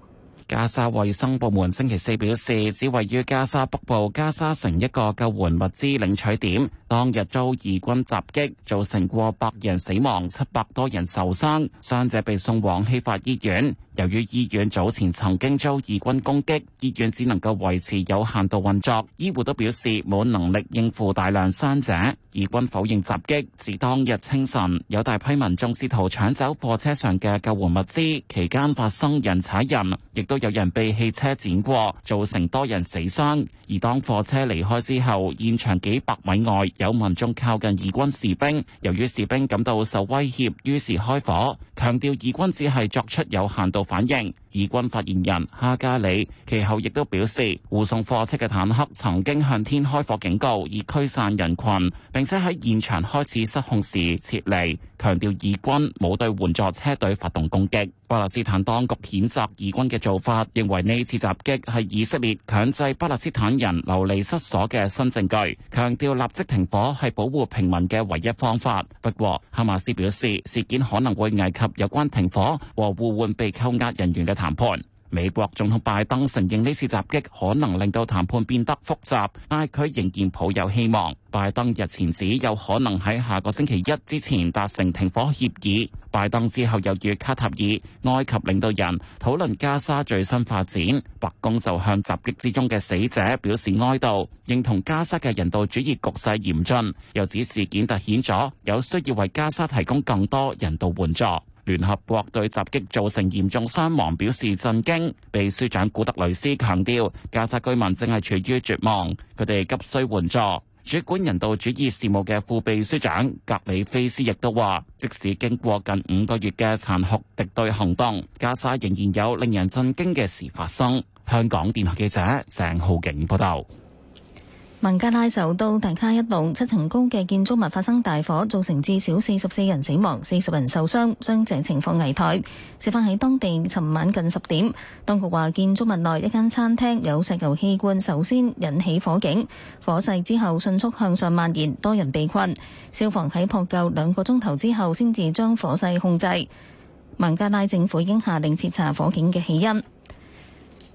加沙衛生部門星期四表示，只位於加沙北部加沙城一個救援物資領取點，當日遭以軍襲擊，造成過百人死亡，七百多人受傷，傷者被送往希法醫院。由於醫院早前曾經遭義軍攻擊，醫院只能夠維持有限度運作，醫護都表示冇能力應付大量傷者。義軍否認襲擊，至當日清晨有大批民眾試圖搶走貨車上嘅救援物資，期間發生人踩人，亦都有人被汽車碾過，造成多人死傷。而當貨車離開之後，現場幾百米外有民眾靠近義軍士兵，由於士兵感到受威脅，於是開火，強調義軍只係作出有限度。反應，以軍發言人哈加里其後亦都表示，護送貨車嘅坦克曾經向天開火警告，以驅散人群，並且喺現場開始失控時撤離。強調以軍冇對援助車隊發動攻擊。巴勒斯坦當局譴責以軍嘅做法，認為呢次襲擊係以色列強制巴勒斯坦人流離失所嘅新證據，強調立即停火係保護平民嘅唯一方法。不過，哈馬斯表示事件可能會危及有關停火和互換被扣押人員嘅談判。美國總統拜登承認呢次襲擊可能令到談判變得複雜，但係佢仍然抱有希望。拜登日前指有可能喺下個星期一之前達成停火協議。拜登之後又與卡塔爾、埃及領導人討論加沙最新發展。白宮就向襲擊之中嘅死者表示哀悼，認同加沙嘅人道主義局勢嚴峻，又指事件突顯咗有需要為加沙提供更多人道援助。聯合國對襲擊造成嚴重傷亡表示震驚，秘書長古特雷斯強調，加沙居民正係處於絕望，佢哋急需援助。主管人道主義事務嘅副秘書長格里菲斯亦都話，即使經過近五個月嘅殘酷敵對行動，加沙仍然有令人震驚嘅事發生。香港電台記者鄭浩景報道。孟加拉首都達卡一棟七層高嘅建築物發生大火，造成至少四十四人死亡，四十人受傷，傷者情況危殆。事發喺當地尋晚近十點，當局話建築物內一間餐廳有石油氣罐，首先引起火警，火勢之後迅速向上蔓延，多人被困。消防喺撲救兩個鐘頭之後，先至將火勢控制。孟加拉政府已經下令徹查火警嘅起因。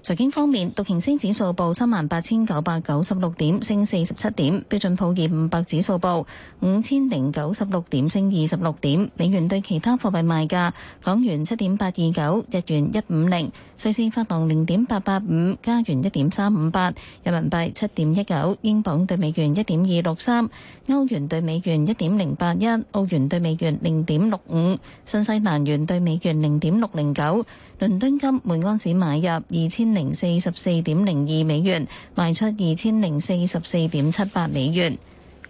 財經方面，道瓊斯指數報3萬八千九百九十六點，升四十七點；標準普爾500指數報五千零九十六點，升二十六點。美元對其他貨幣賣價，港元七點八二九，日元一五零，瑞士法郎零點八八五，加元一點三五八，人民幣七點一九，英鎊對美元一點二六三。歐元對美元一點零八一，澳元對美元零點六五，新西蘭元對美元零點六零九。倫敦金每安士買入二千零四十四點零二美元，賣出二千零四十四點七八美元。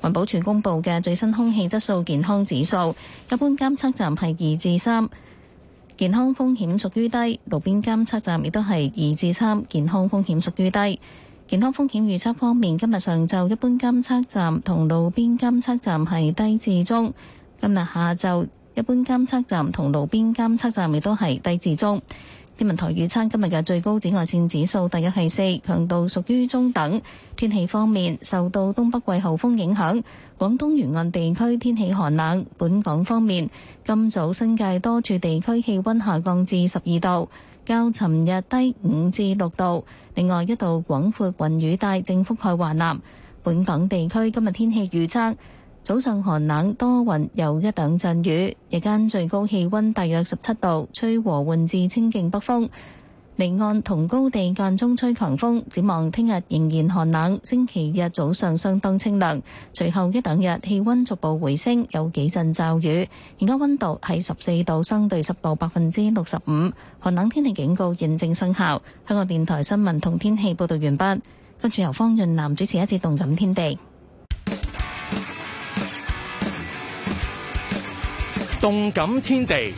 環保署公布嘅最新空氣質素健康指數，一般監測站係二至三，健康風險屬於低；路邊監測站亦都係二至三，健康風險屬於低。健康風險預測方面，今日上晝一般監測站同路邊監測站係低至中。今日下晝一般監測站同路邊監測站亦都係低至中。天文台預測今日嘅最高紫外線指數大約係四，強度屬於中等。天氣方面，受到東北季候風影響，廣東沿岸地區天氣寒冷。本港方面，今早新界多處地區氣溫下降至十二度。較尋日低五至六度。另外，一道廣闊雲雨帶正覆蓋華南。本港地區今日天氣預測：早上寒冷多雲，有一兩陣雨；日間最高氣温大約十七度，吹和緩至清勁北風。離岸同高地間中吹強風，展望聽日仍然寒冷，星期日早上相當清涼，隨後一兩日氣温逐步回升，有幾陣驟雨。而家温度喺十四度，相對濕度百分之六十五，寒冷天氣警告現正生效。香港電台新聞同天氣報道完畢，跟住由方潤南主持一次動感天地。動感天地。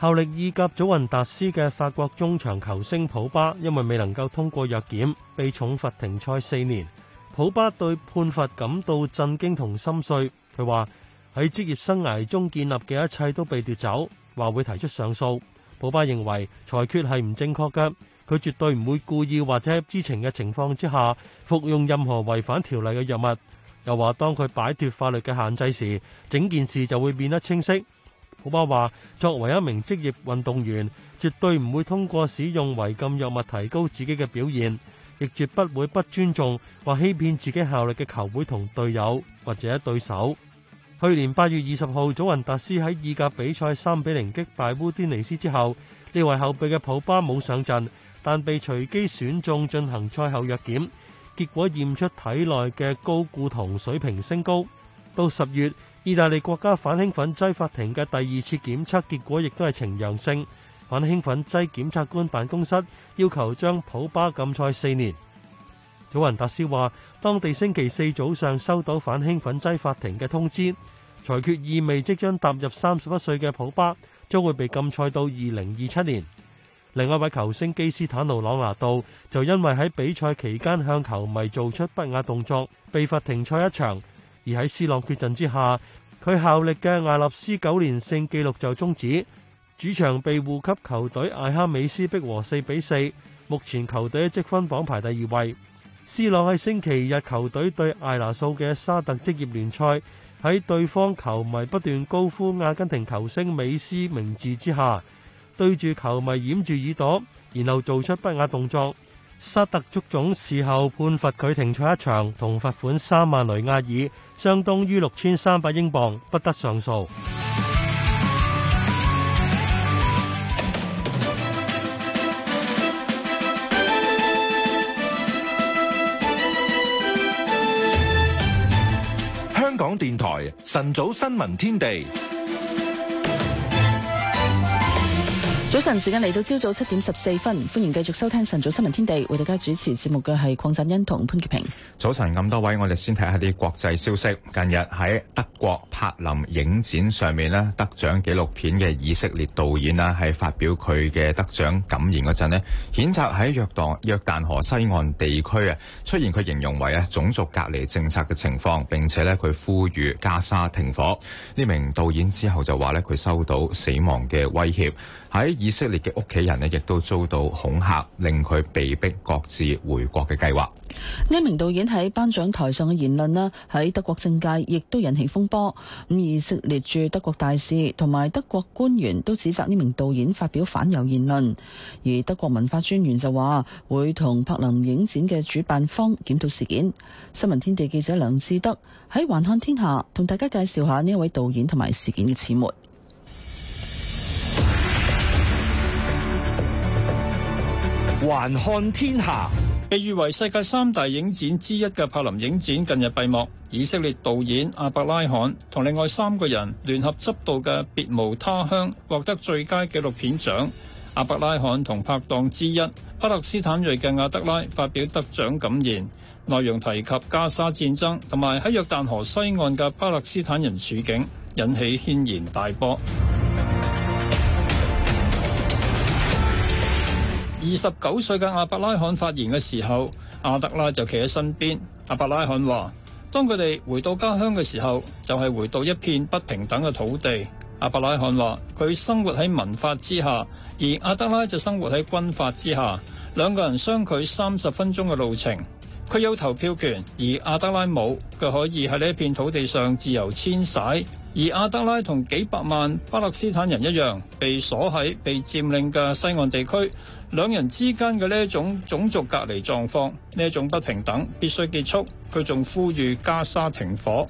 效力意甲祖雲達斯嘅法國中場球星普巴因為未能夠通過藥檢，被重罰停賽四年。普巴對判罰感到震驚同心碎，佢話喺職業生涯中建立嘅一切都被奪走，話會提出上訴。普巴認為裁決係唔正確嘅，佢絕對唔會故意或者知情嘅情況之下服用任何違反條例嘅藥物，又話當佢擺脫法律嘅限制時，整件事就會變得清晰。普巴話：作為一名職業運動員，絕對唔會通過使用違禁藥物提高自己嘅表現，亦絕不會不尊重或欺騙自己效力嘅球會同隊友或者對手。去年八月二十號，祖雲達斯喺意甲比賽三比零擊敗烏丁尼斯之後，呢位後備嘅普巴冇上陣，但被隨機選中進行賽後藥檢，結果驗出體內嘅高固酮水平升高。到十月。意大利國家反興奮劑法庭嘅第二次檢測結果亦都係呈陽性，反興奮劑檢察官辦公室要求將普巴禁賽四年。祖雲達斯話，當地星期四早上收到反興奮劑法庭嘅通知，裁決意味即將踏入三十一歲嘅普巴將會被禁賽到二零二七年。另外一位球星基斯坦奴朗拿度就因為喺比賽期間向球迷做出不雅動作，被罰停賽一場。而喺斯朗缺陣之下，佢效力嘅艾納斯九連勝紀錄就終止。主場被護級球隊艾哈美斯逼和四比四。目前球隊積分榜排第二位。斯朗喺星期日球隊對艾拿素嘅沙特職業聯賽，喺對方球迷不斷高呼阿根廷球星美斯名字之下，對住球迷掩住耳朵，然後做出不雅動作。沙特足總事後判罰佢停賽一場同罰款三萬雷亞爾，相當於六千三百英鎊，不得上訴。香港電台晨早新聞天地。早晨時間嚟到，朝早七點十四分，歡迎繼續收聽晨早新聞天地。為大家主持節目嘅係鄺振恩同潘潔平。早晨咁多位，我哋先睇下啲國際消息。近日喺德國柏林影展上面呢，得獎紀錄片嘅以色列導演啦，係發表佢嘅得獎感言嗰陣呢譴責喺約旦約旦河西岸地區啊出現佢形容為啊種族隔離政策嘅情況，並且呢佢呼籲加沙停火。呢名導演之後就話呢佢收到死亡嘅威脅。喺以色列嘅屋企人咧，亦都遭到恐嚇，令佢被迫擱置回國嘅計劃。呢一名導演喺頒獎台上嘅言論呢，喺德國政界亦都引起風波。咁以色列駐德國大使同埋德國官員都指責呢名導演發表反猶言論，而德國文化專員就話會同柏林影展嘅主辦方檢討事件。新聞天地記者梁志德喺環看天下同大家介紹下呢一位導演同埋事件嘅始末。還看天下，被譽為世界三大影展之一嘅柏林影展近日閉幕。以色列導演阿伯拉罕同另外三個人聯合執導嘅《別無他鄉》獲得最佳紀錄片獎。阿伯拉罕同拍檔之一巴勒斯坦裔嘅亞德拉發表得獎感言，內容提及加沙戰爭同埋喺約旦河西岸嘅巴勒斯坦人處境，引起軒然大波。二十九歲嘅阿伯拉罕發言嘅時候，阿德拉就企喺身邊。阿伯拉罕話，當佢哋回到家鄉嘅時候，就係回到一片不平等嘅土地。阿伯拉罕話，佢生活喺民法之下，而阿德拉就生活喺軍法之下。兩個人相距三十分鐘嘅路程。佢有投票權，而阿德拉冇。佢可以喺呢一片土地上自由遷徙，而阿德拉同幾百萬巴勒斯坦人一樣，被鎖喺被佔領嘅西岸地區。兩人之間嘅呢一種種族隔離狀況，呢一種不平等必須結束。佢仲呼籲加沙停火。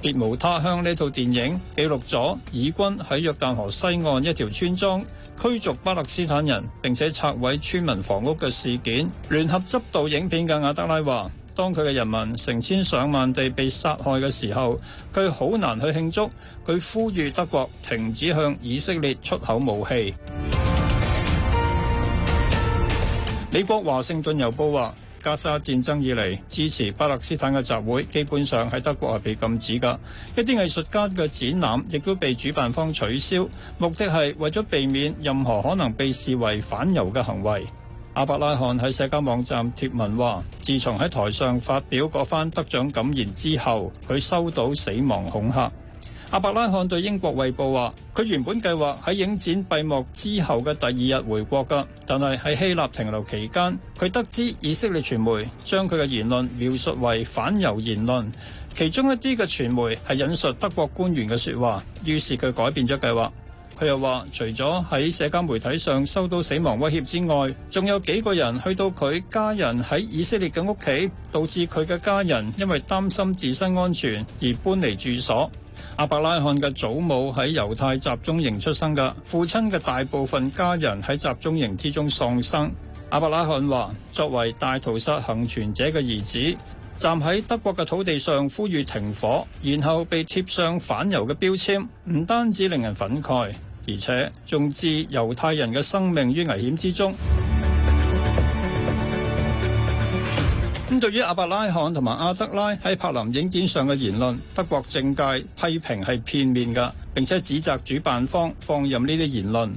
別無他鄉。呢套電影記錄咗以軍喺約旦河西岸一條村莊驅逐巴勒斯坦人並且拆毀村民房屋嘅事件。聯合執導影片嘅亞德拉話：當佢嘅人民成千上萬地被殺害嘅時候，佢好難去慶祝。佢呼籲德國停止向以色列出口武器。美國華盛頓郵報話，加沙戰爭以嚟，支持巴勒斯坦嘅集會基本上喺德國係被禁止噶，一啲藝術家嘅展覽亦都被主辦方取消，目的係為咗避免任何可能被視為反猶嘅行為。阿伯拉罕喺社交網站貼文話，自從喺台上發表嗰番得獎感言之後，佢收到死亡恐嚇。阿伯拉罕對英國衛報話：佢原本計劃喺影展閉幕之後嘅第二日回國㗎，但係喺希臘停留期間，佢得知以色列傳媒將佢嘅言論描述為反猶言論，其中一啲嘅傳媒係引述德國官員嘅說話，於是佢改變咗計劃。佢又話，除咗喺社交媒體上收到死亡威脅之外，仲有幾個人去到佢家人喺以色列嘅屋企，導致佢嘅家人因為擔心自身安全而搬離住所。阿伯拉罕嘅祖母喺猶太集中營出生噶，父親嘅大部分家人喺集中營之中喪生。阿伯拉罕話，作為大屠殺幸存者嘅兒子，站喺德國嘅土地上呼籲停火，然後被貼上反猶嘅標籤，唔單止令人憤慨，而且仲置猶太人嘅生命於危險之中。對於阿伯拉罕同埋阿德拉喺柏林影展上嘅言論，德國政界批評係片面㗎，並且指責主辦方放任呢啲言論。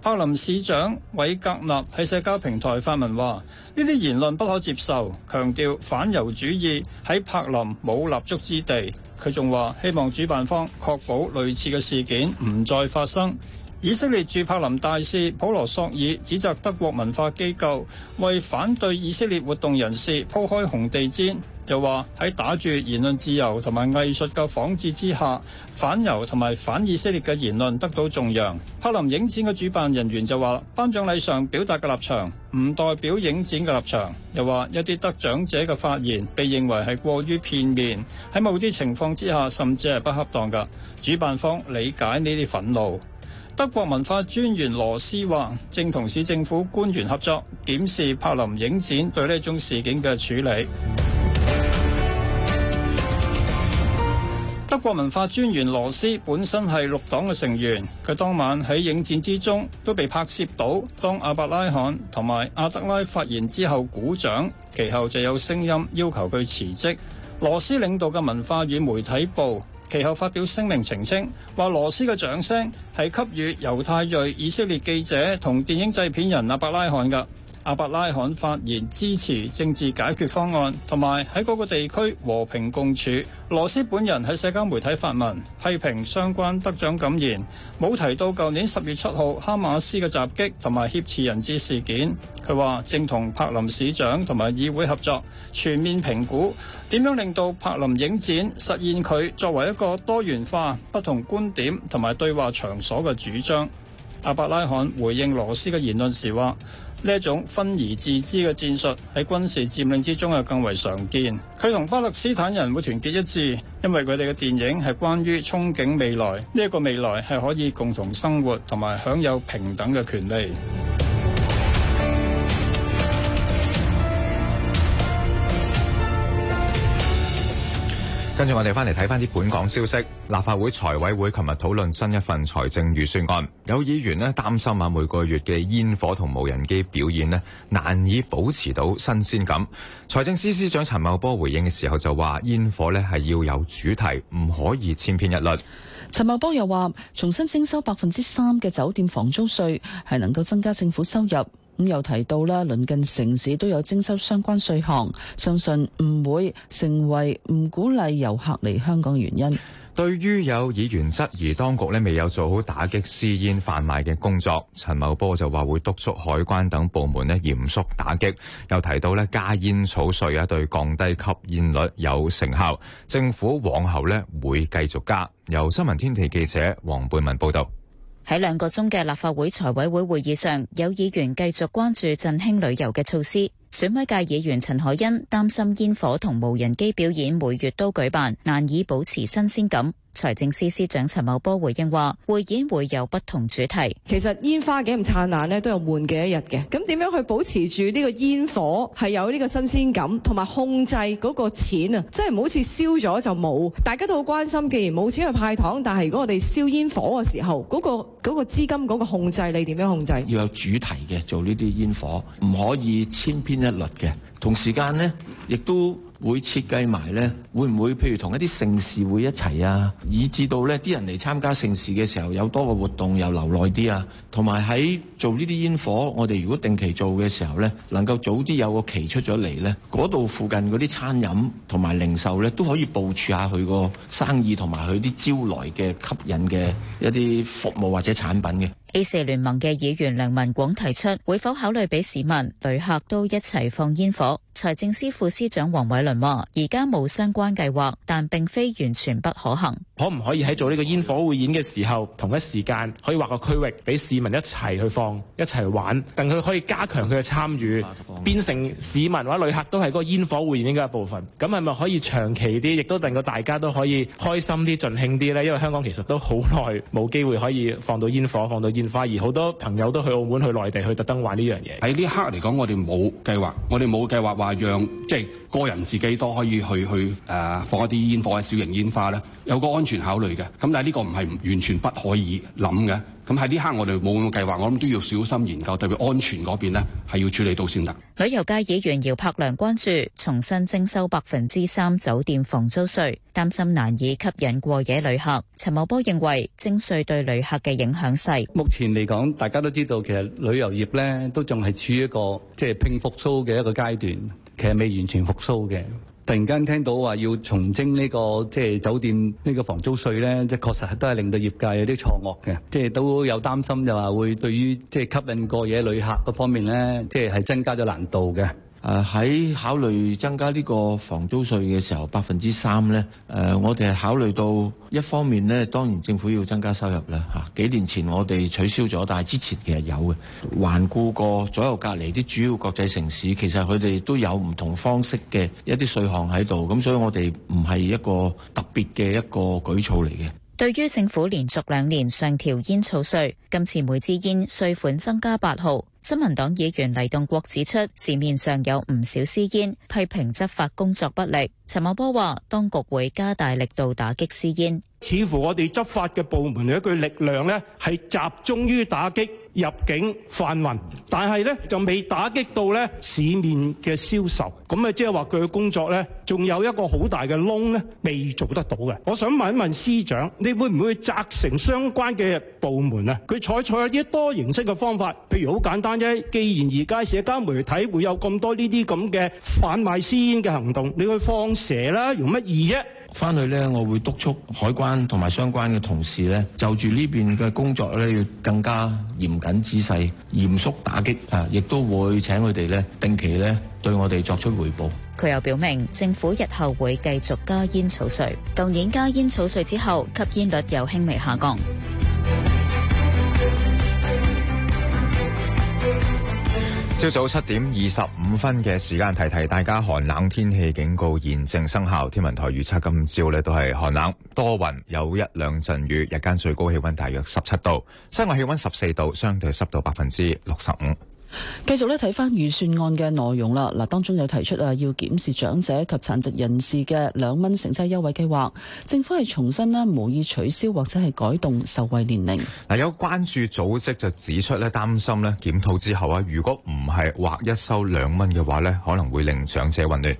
柏林市長韋格納喺社交平台發文話：呢啲言論不可接受，強調反猶主義喺柏林冇立足之地。佢仲話希望主辦方確保類似嘅事件唔再發生。以色列駐柏林大使普羅索爾指責德國文化機構為反對以色列活動人士鋪開紅地毯，又話喺打住言論自由同埋藝術嘅幌子之下，反猶同埋反以色列嘅言論得到重揚。柏林影展嘅主辦人員就話頒獎禮上表達嘅立場唔代表影展嘅立場，又話一啲得獎者嘅發言被認為係過於片面，喺某啲情況之下甚至係不恰當噶。主辦方理解呢啲憤怒。德國文化專員羅斯話：正同市政府官員合作檢視柏林影展對呢一種事件嘅處理。 德國文化專員羅斯本身係綠黨嘅成員，佢當晚喺影展之中都被拍攝到當阿伯拉罕同埋阿德拉發言之後鼓掌，其後就有聲音要求佢辭職。羅斯領導嘅文化與媒體部。其後發表聲明澄清，話羅斯嘅掌聲係給予猶太裔以色列記者同電影製片人阿伯拉罕㗎。阿伯拉罕發言支持政治解決方案，同埋喺嗰個地區和平共處。羅斯本人喺社交媒體發文批評相關得獎感言，冇提到舊年十月七號哈馬斯嘅襲擊同埋挾持人質事件。佢話正同柏林市長同埋議會合作，全面評估點樣令到柏林影展實現佢作為一個多元化、不同觀點同埋對話場所嘅主張。阿伯拉罕回應羅斯嘅言論時話。呢一種分而治之嘅戰術喺軍事佔領之中又更為常見。佢同巴勒斯坦人會團結一致，因為佢哋嘅電影係關於憧憬未來，呢一個未來係可以共同生活同埋享有平等嘅權利。跟住我哋翻嚟睇翻啲本港消息，立法會財委會琴日討論新一份財政預算案，有議員呢擔心啊，每個月嘅煙火同無人機表演呢難以保持到新鮮感。財政司司長陳茂波回應嘅時候就話，煙火呢係要有主題，唔可以千篇一律。陳茂波又話，重新徵收百分之三嘅酒店房租稅係能夠增加政府收入。咁又提到啦，鄰近城市都有徵收相關稅項，相信唔會成為唔鼓勵遊客嚟香港原因。對於有議員質疑當局咧未有做好打擊私煙販賣嘅工作，陳茂波就話會督促海關等部門咧嚴肅打擊。又提到咧加煙草稅啊，對降低吸煙率有成效，政府往後咧會繼續加。由新聞天地記者黃貝文報道。喺兩個鐘嘅立法會財委會會議上，有議員繼續關注振興旅遊嘅措施。選委界議員陳凱欣擔心煙火同無人機表演每月都舉辦，難以保持新鮮感。財政司司長陳茂波回應話，匯演會有不同主題。其實煙花幾咁燦爛咧，都有悶嘅一日嘅。咁點樣去保持住呢個煙火係有呢個新鮮感，同埋控制嗰個錢啊，即係唔好似燒咗就冇。大家都好關心，既然冇錢去派糖，但係如果我哋燒煙火嘅時候，嗰個嗰個資金嗰個控制，你點樣控制？要有主題嘅做呢啲煙火，唔可以千篇一律嘅。同時間呢，亦都。會設計埋呢？會唔會譬如同一啲盛事會一齊啊？以致到呢啲人嚟參加盛事嘅時候，有多個活動又留耐啲啊！同埋喺做呢啲煙火，我哋如果定期做嘅時候呢，能夠早啲有個期出咗嚟呢。嗰度附近嗰啲餐飲同埋零售呢，都可以部署下佢個生意同埋佢啲招來嘅吸引嘅一啲服務或者產品嘅。A 四聯盟嘅議員梁文廣提出，會否考慮俾市民旅客都一齊放煙火？財政司副司長黃偉綸話，而家冇相關計劃，但並非完全不可行。可唔可以喺做呢個煙火匯演嘅時候，同一時間可以劃個區域俾市民一齊去放，一齊玩，令佢可以加強佢嘅參與，變成市民或者旅客都係嗰個煙火匯演應該一部分。咁係咪可以長期啲，亦都令到大家都可以開心啲、盡興啲呢？因為香港其實都好耐冇機會可以放到煙火，放到煙花，而好多朋友都去澳門，去內地去特登玩呢樣嘢。喺呢刻嚟講，我哋冇計劃，我哋冇計劃話。啊！讓即係個人自己都可以去去誒、啊，放一啲煙火或者小型煙花咧。有個安全考慮嘅，咁但係呢個唔係完全不可以諗嘅。咁喺呢刻我哋冇咁嘅計劃，我諗都要小心研究，特別安全嗰邊咧係要處理到先得。旅遊界議員姚，姚柏良關注重新徵收百分之三酒店房租稅，擔心難以吸引過夜旅客。陳茂波認為徵稅對旅客嘅影響細。目前嚟講，大家都知道其實旅遊業咧都仲係處於一個即係、就是、拼復蘇嘅一個階段，其實未完全復蘇嘅。突然間聽到話要重徵呢個即係酒店呢個房租稅咧，即係確實都係令到業界有啲錯愕嘅，即係都有擔心就話會對於即係吸引過夜旅客嗰方面咧，即係係增加咗難度嘅。誒喺考慮增加呢個房租稅嘅時候，百分之三呢，誒、呃、我哋係考慮到一方面呢，當然政府要增加收入啦。嚇、啊，幾年前我哋取消咗，但係之前其實有嘅。環顧過左右隔離啲主要國際城市，其實佢哋都有唔同方式嘅一啲稅項喺度，咁所以我哋唔係一個特別嘅一個舉措嚟嘅。對於政府連續兩年上調煙草稅，今次每支煙稅款增加八毫。新民黨議員黎棟國指出，市面上有唔少私煙，批評執法工作不力。陳茂波話，當局會加大力度打擊私煙。似乎我哋執法嘅部門嘅一句力量呢係集中於打擊入境泛濫，但係呢就未打擊到呢市面嘅銷售，咁啊即係話佢嘅工作呢仲有一個好大嘅窿呢未做得到嘅。我想問一問司長，你會唔會責成相關嘅部門啊？佢採取一啲多形式嘅方法，譬如好簡單啫。既然而家社交媒體會有咁多呢啲咁嘅販賣私煙嘅行動，你去放蛇啦，容乜易啫？翻去咧，我會督促海關同埋相關嘅同事咧，就住呢邊嘅工作咧，要更加嚴謹仔細、嚴肅打擊啊！亦都會請佢哋咧定期咧對我哋作出回報。佢又表明，政府日後會繼續加煙草稅。舊年加煙草稅之後，吸煙率又輕微下降。朝早七點二十五分嘅時間，提提大家寒冷天氣警告現正生效。天文台預測今朝呢都係寒冷多雲，有一兩陣雨。日間最高氣溫大約十七度，室外氣溫十四度，相對濕度百分之六十五。繼續咧，睇翻預算案嘅內容啦，嗱，當中有提出啊，要檢視長者及殘疾人士嘅兩蚊乘車優惠計劃，政府係重申咧，無意取消或者係改動受惠年齡。嗱，有關注組織就指出咧，擔心咧，檢討之後啊，如果唔係劃一收兩蚊嘅話咧，可能會令長者混亂。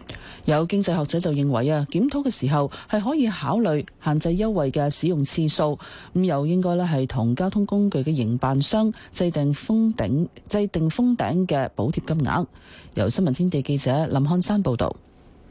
有經濟學者就認為啊，檢討嘅時候係可以考慮限制優惠嘅使用次數，咁又應該咧係同交通工具嘅營辦商制定封頂、制定封頂嘅補貼金額。由新聞天地記者林漢山報導。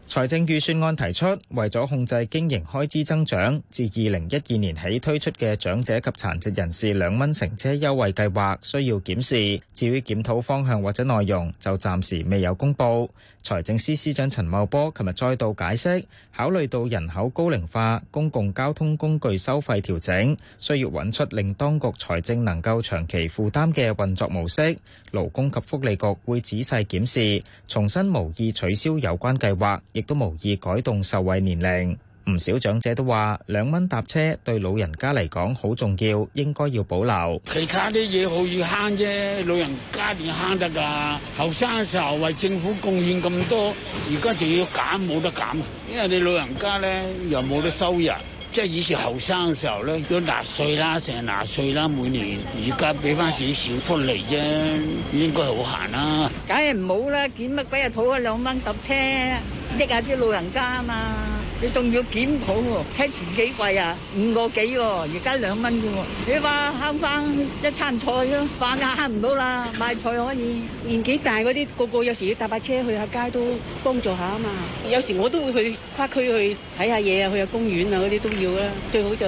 財政預算案提出，為咗控制經營開支增長，自二零一二年起推出嘅長者及殘疾人士兩蚊乘車優惠計劃需要檢視。至於檢討方向或者內容，就暫時未有公布。財政司司長陳茂波琴日再度解釋，考慮到人口高齡化，公共交通工具收費調整，需要揾出令當局財政能夠長期負擔嘅運作模式。勞工及福利局會仔細檢視，重新無意取消有關計劃，亦都無意改動受惠年齡。唔少長者都話，兩蚊搭車對老人家嚟講好重要，應該要保留。其他啲嘢，好易慳啫，老人家點慳得噶？後生嘅時候為政府貢獻咁多，而家仲要減，冇得減，因為你老人家咧又冇得收入。即係以前後生嘅時候咧，要納稅啦，成日納稅啦，每年而家俾翻少少福利啫，應該好閒啦。梗係唔好啦，見乜鬼啊？討嗰兩蚊搭車，益下啲老人家嘛。你仲要檢討喎、啊，車錢幾貴啊？五個幾喎、哦，而家兩蚊啫喎，你話慳返一餐菜咯、啊，飯慳唔到啦，買菜可以。年紀大嗰啲個個有時要搭把車去下街都幫助下啊嘛。有時我都會去跨區去睇下嘢啊，去下公園啊嗰啲都要啦。最好就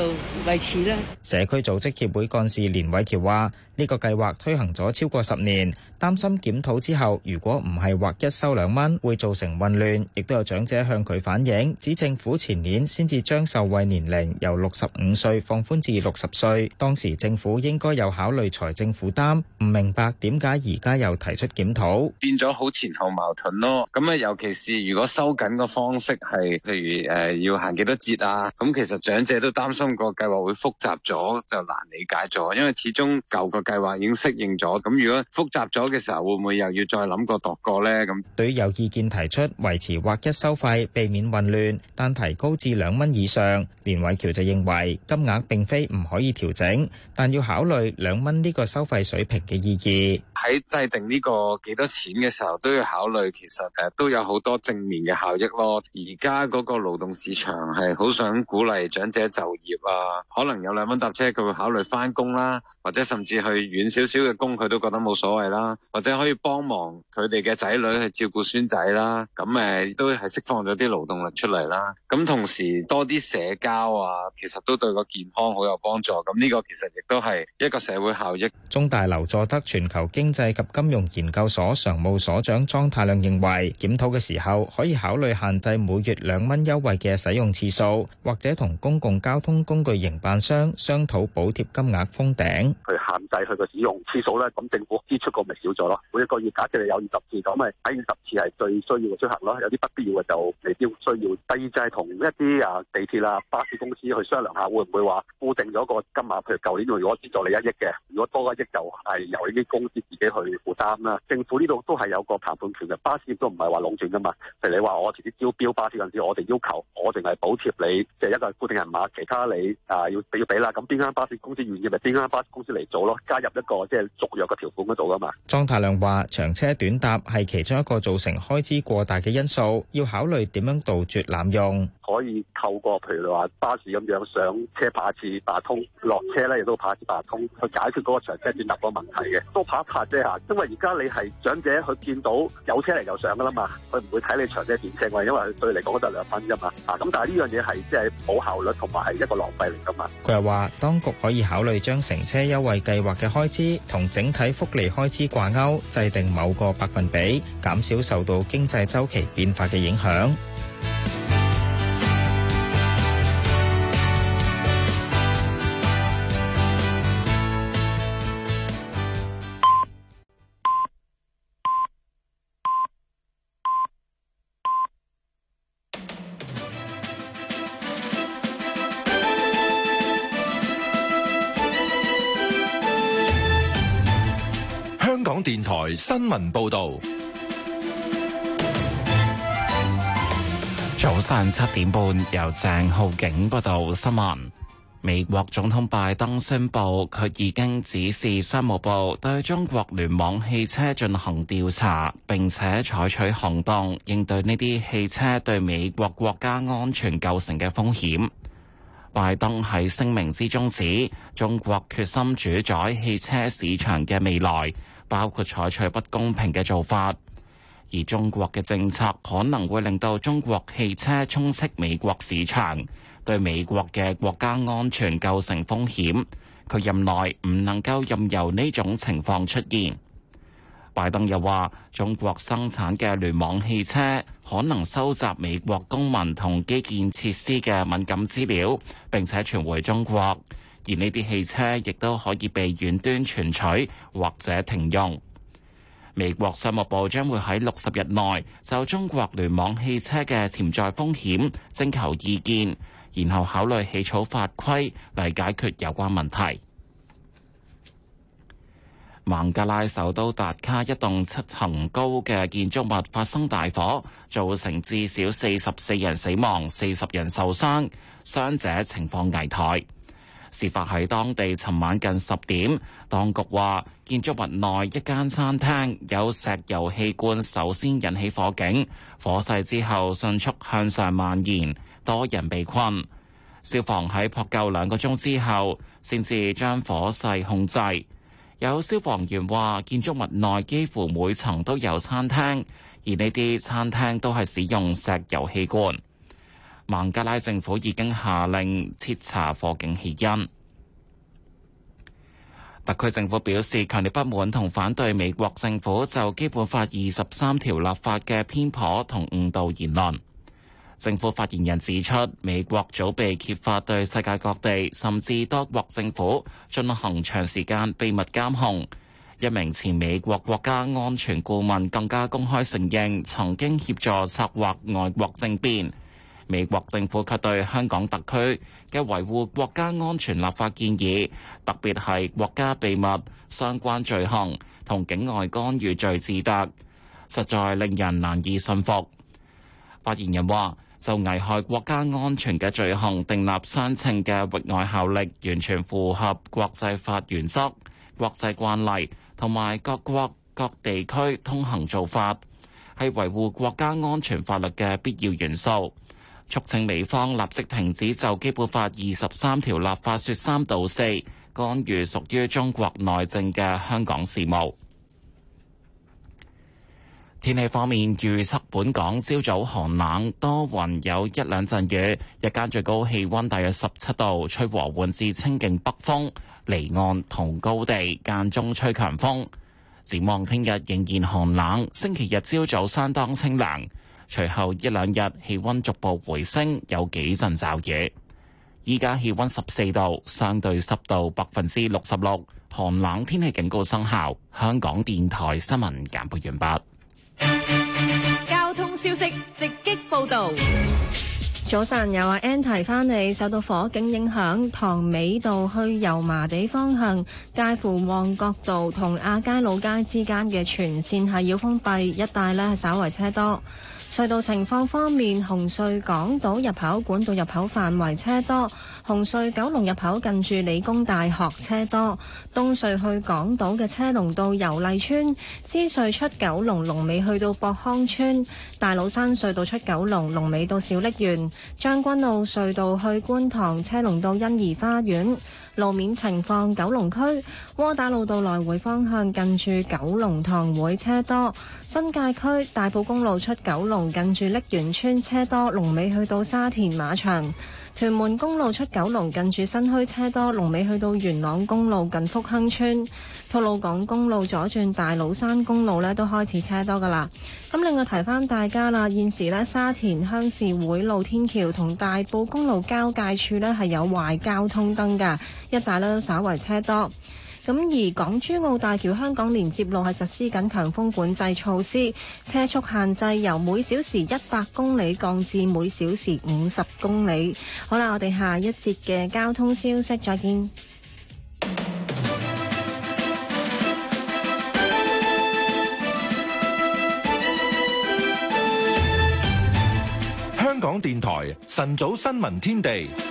維持啦。社區組織協會幹事連偉橋話。呢個計劃推行咗超過十年，擔心檢討之後，如果唔係劃一收兩蚊，會造成混亂。亦都有長者向佢反映，指政府前年先至將受惠年齡由六十五歲放寬至六十歲，當時政府應該有考慮財政負擔，唔明白點解而家又提出檢討，變咗好前後矛盾咯。咁啊，尤其是如果收緊嘅方式係，例如誒要行幾多節啊，咁其實長者都擔心個計劃會複雜咗，就難理解咗，因為始終舊個計劃已經適應咗，咁如果複雜咗嘅時候，會唔會又要再諗過度過呢？咁，對於有意見提出維持或一收費，避免混亂，但提高至兩蚊以上。連偉橋就認為金額並非唔可以調整，但要考慮兩蚊呢個收費水平嘅意義。喺制定呢個幾多錢嘅時候，都要考慮，其實誒都有好多正面嘅效益咯。而家嗰個勞動市場係好想鼓勵長者就業啊，可能有兩蚊搭車，佢會考慮翻工啦，或者甚至去。遠少少嘅工佢都覺得冇所謂啦，或者可以幫忙佢哋嘅仔女去照顧孫仔啦，咁誒都係釋放咗啲勞動力出嚟啦。咁同時多啲社交啊，其實都對個健康好有幫助。咁、這、呢個其實亦都係一個社會效益。中大劉佐德全球經濟及金融研究所常務所長莊太亮認為，檢討嘅時候可以考慮限制每月兩蚊優惠嘅使用次數，或者同公共交通工具營辦商商討補貼金額封頂，去限制。佢個使用次數咧，咁政府支出個咪少咗咯。每一個月假設你有二十次，咁咪喺二十次係最需要嘅出行咯。就是，有啲不必要嘅就未必需要。低二第同、就是，一啲啊地鐵啦、巴士公司去商量下，會唔會話固定咗個金額？譬如舊年如果資助你一億嘅，如果多一億就係，是，由呢啲公司自己去負擔啦。政府呢度都係有個談判權嘅。巴士亦都唔係話壟斷噶嘛。譬如你話我自己招標巴士公司，我哋要求我淨係補貼你，即、就、係、是，一個固定人馬，其他你啊要俾要俾啦。咁邊間巴士公司願意咪邊間巴士公司嚟做咯。加入一個即係續約嘅條款嗰度啊嘛，莊太亮話長車短搭係其中一個造成開支過大嘅因素，要考慮點樣杜絕濫用，可以透過譬如話巴士咁樣上車拍次八通落車咧，亦都拍次八通去解決嗰個長車短搭嗰個問題嘅，多拍一拍啫嚇，因為而家你係長者，佢見到有車嚟又上噶啦嘛，佢唔會睇你長車定短喎，因為對嚟講都係兩分啫嘛，啊咁，但係呢樣嘢係即係冇效率同埋係一個浪費嚟噶嘛。佢又話當局可以考慮將乘車優惠計劃嘅開支同整體福利開支掛鈎，制定某個百分比，減少受到經濟周期變化嘅影響。新聞報道，早上七點半，由鄭浩景報道新聞。美國總統拜登宣布，佢已經指示商務部對中國聯網汽車進行調查，並且採取行動，應對呢啲汽車對美國國家安全構成嘅風險。拜登喺聲明之中指，中國決心主宰汽車市場嘅未來。包括採取不公平嘅做法，而中國嘅政策可能會令到中國汽車充斥美國市場，對美國嘅國家安全構成風險，佢任內唔能夠任由呢種情況出現。拜登又話，中國生產嘅聯網汽車可能收集美國公民同基建設施嘅敏感資料，並且傳回中國。而呢啲汽車亦都可以被遠端存取或者停用。美國商務部將會喺六十日內就中國聯網汽車嘅潛在風險徵求意見，然後考慮起草法規嚟解決有關問題。孟加拉首都達卡一棟七層高嘅建築物發生大火，造成至少四十四人死亡，四十人受傷，傷者情況危殆。事發喺當地尋晚近十點，當局話建築物內一間餐廳有石油氣罐，首先引起火警，火勢之後迅速向上蔓延，多人被困。消防喺撲救兩個鐘之後，先至將火勢控制。有消防員話，建築物內幾乎每層都有餐廳，而呢啲餐廳都係使用石油氣罐。孟加拉政府已經下令徹查火警起因。特區政府表示，強烈不滿同反對美國政府就基本法二十三條立法嘅偏頗同誤導言論。政府發言人指出，美國早被揭發對世界各地甚至多國政府進行長時間秘密監控。一名前美國國家安全顧問更加公開承認曾經協助策劃外國政變。美國政府卻對香港特區嘅維護國家安全立法建議，特別係國家秘密相關罪行同境外干預罪治達，實在令人難以信服。發言人話：就危害國家安全嘅罪行訂立相稱嘅域外效力，完全符合國際法原則、國際慣例同埋各國各地區通行做法，係維護國家安全法律嘅必要元素。促請美方立即停止就基本法二十三條立法說三道四，干預屬於中國內政嘅香港事務。天氣方面預測本港朝早寒冷，多雲有一兩陣雨，日間最高氣溫大約十七度，吹和緩至清勁北風，離岸同高地間中吹強風，展望聽日仍然寒冷，星期日朝早，早相當清涼。隨後一兩日氣溫逐步回升，有幾陣驟雨。依家氣溫十四度，相對濕度百分之六十六，寒冷天氣警告生效。香港電台新聞簡報完畢。交通消息直擊報道，早晨，有阿 Anty 翻嚟，受到火警影響，塘尾道去油麻地方向介乎旺角道同亞皆老街之間嘅全線係要封閉，一帶呢稍為車多。隧道情況方面，紅隧港島入口管道入口範圍車多，紅隧九龍入口近住理工大學車多，東隧去港島嘅車龍到油麗村，獅隧出九龍龍尾去到博康村，大老山隧道出九龍龍尾到小瀝源，將軍澳隧道去觀塘車龍到欣怡花園。路面情況：九龍區窩打老道來回方向近住九龍塘會車多；新界區大埔公路出九龍近住瀝源村車多，龍尾去到沙田馬場。屯門公路出九龍近住新墟車多，龍尾去到元朗公路近福亨村，吐露港公路左轉大老山公路咧都開始車多噶啦。咁另外提翻大家啦，現時咧沙田鄉事會路天橋同大埔公路交界處咧係有壞交通燈㗎，一帶都稍為車多。咁而港珠澳大橋香港連接路係實施緊強風管制措施，車速限制由每小時一百公里降至每小時五十公里。好啦，我哋下一節嘅交通消息再見。香港電台晨早新聞天地。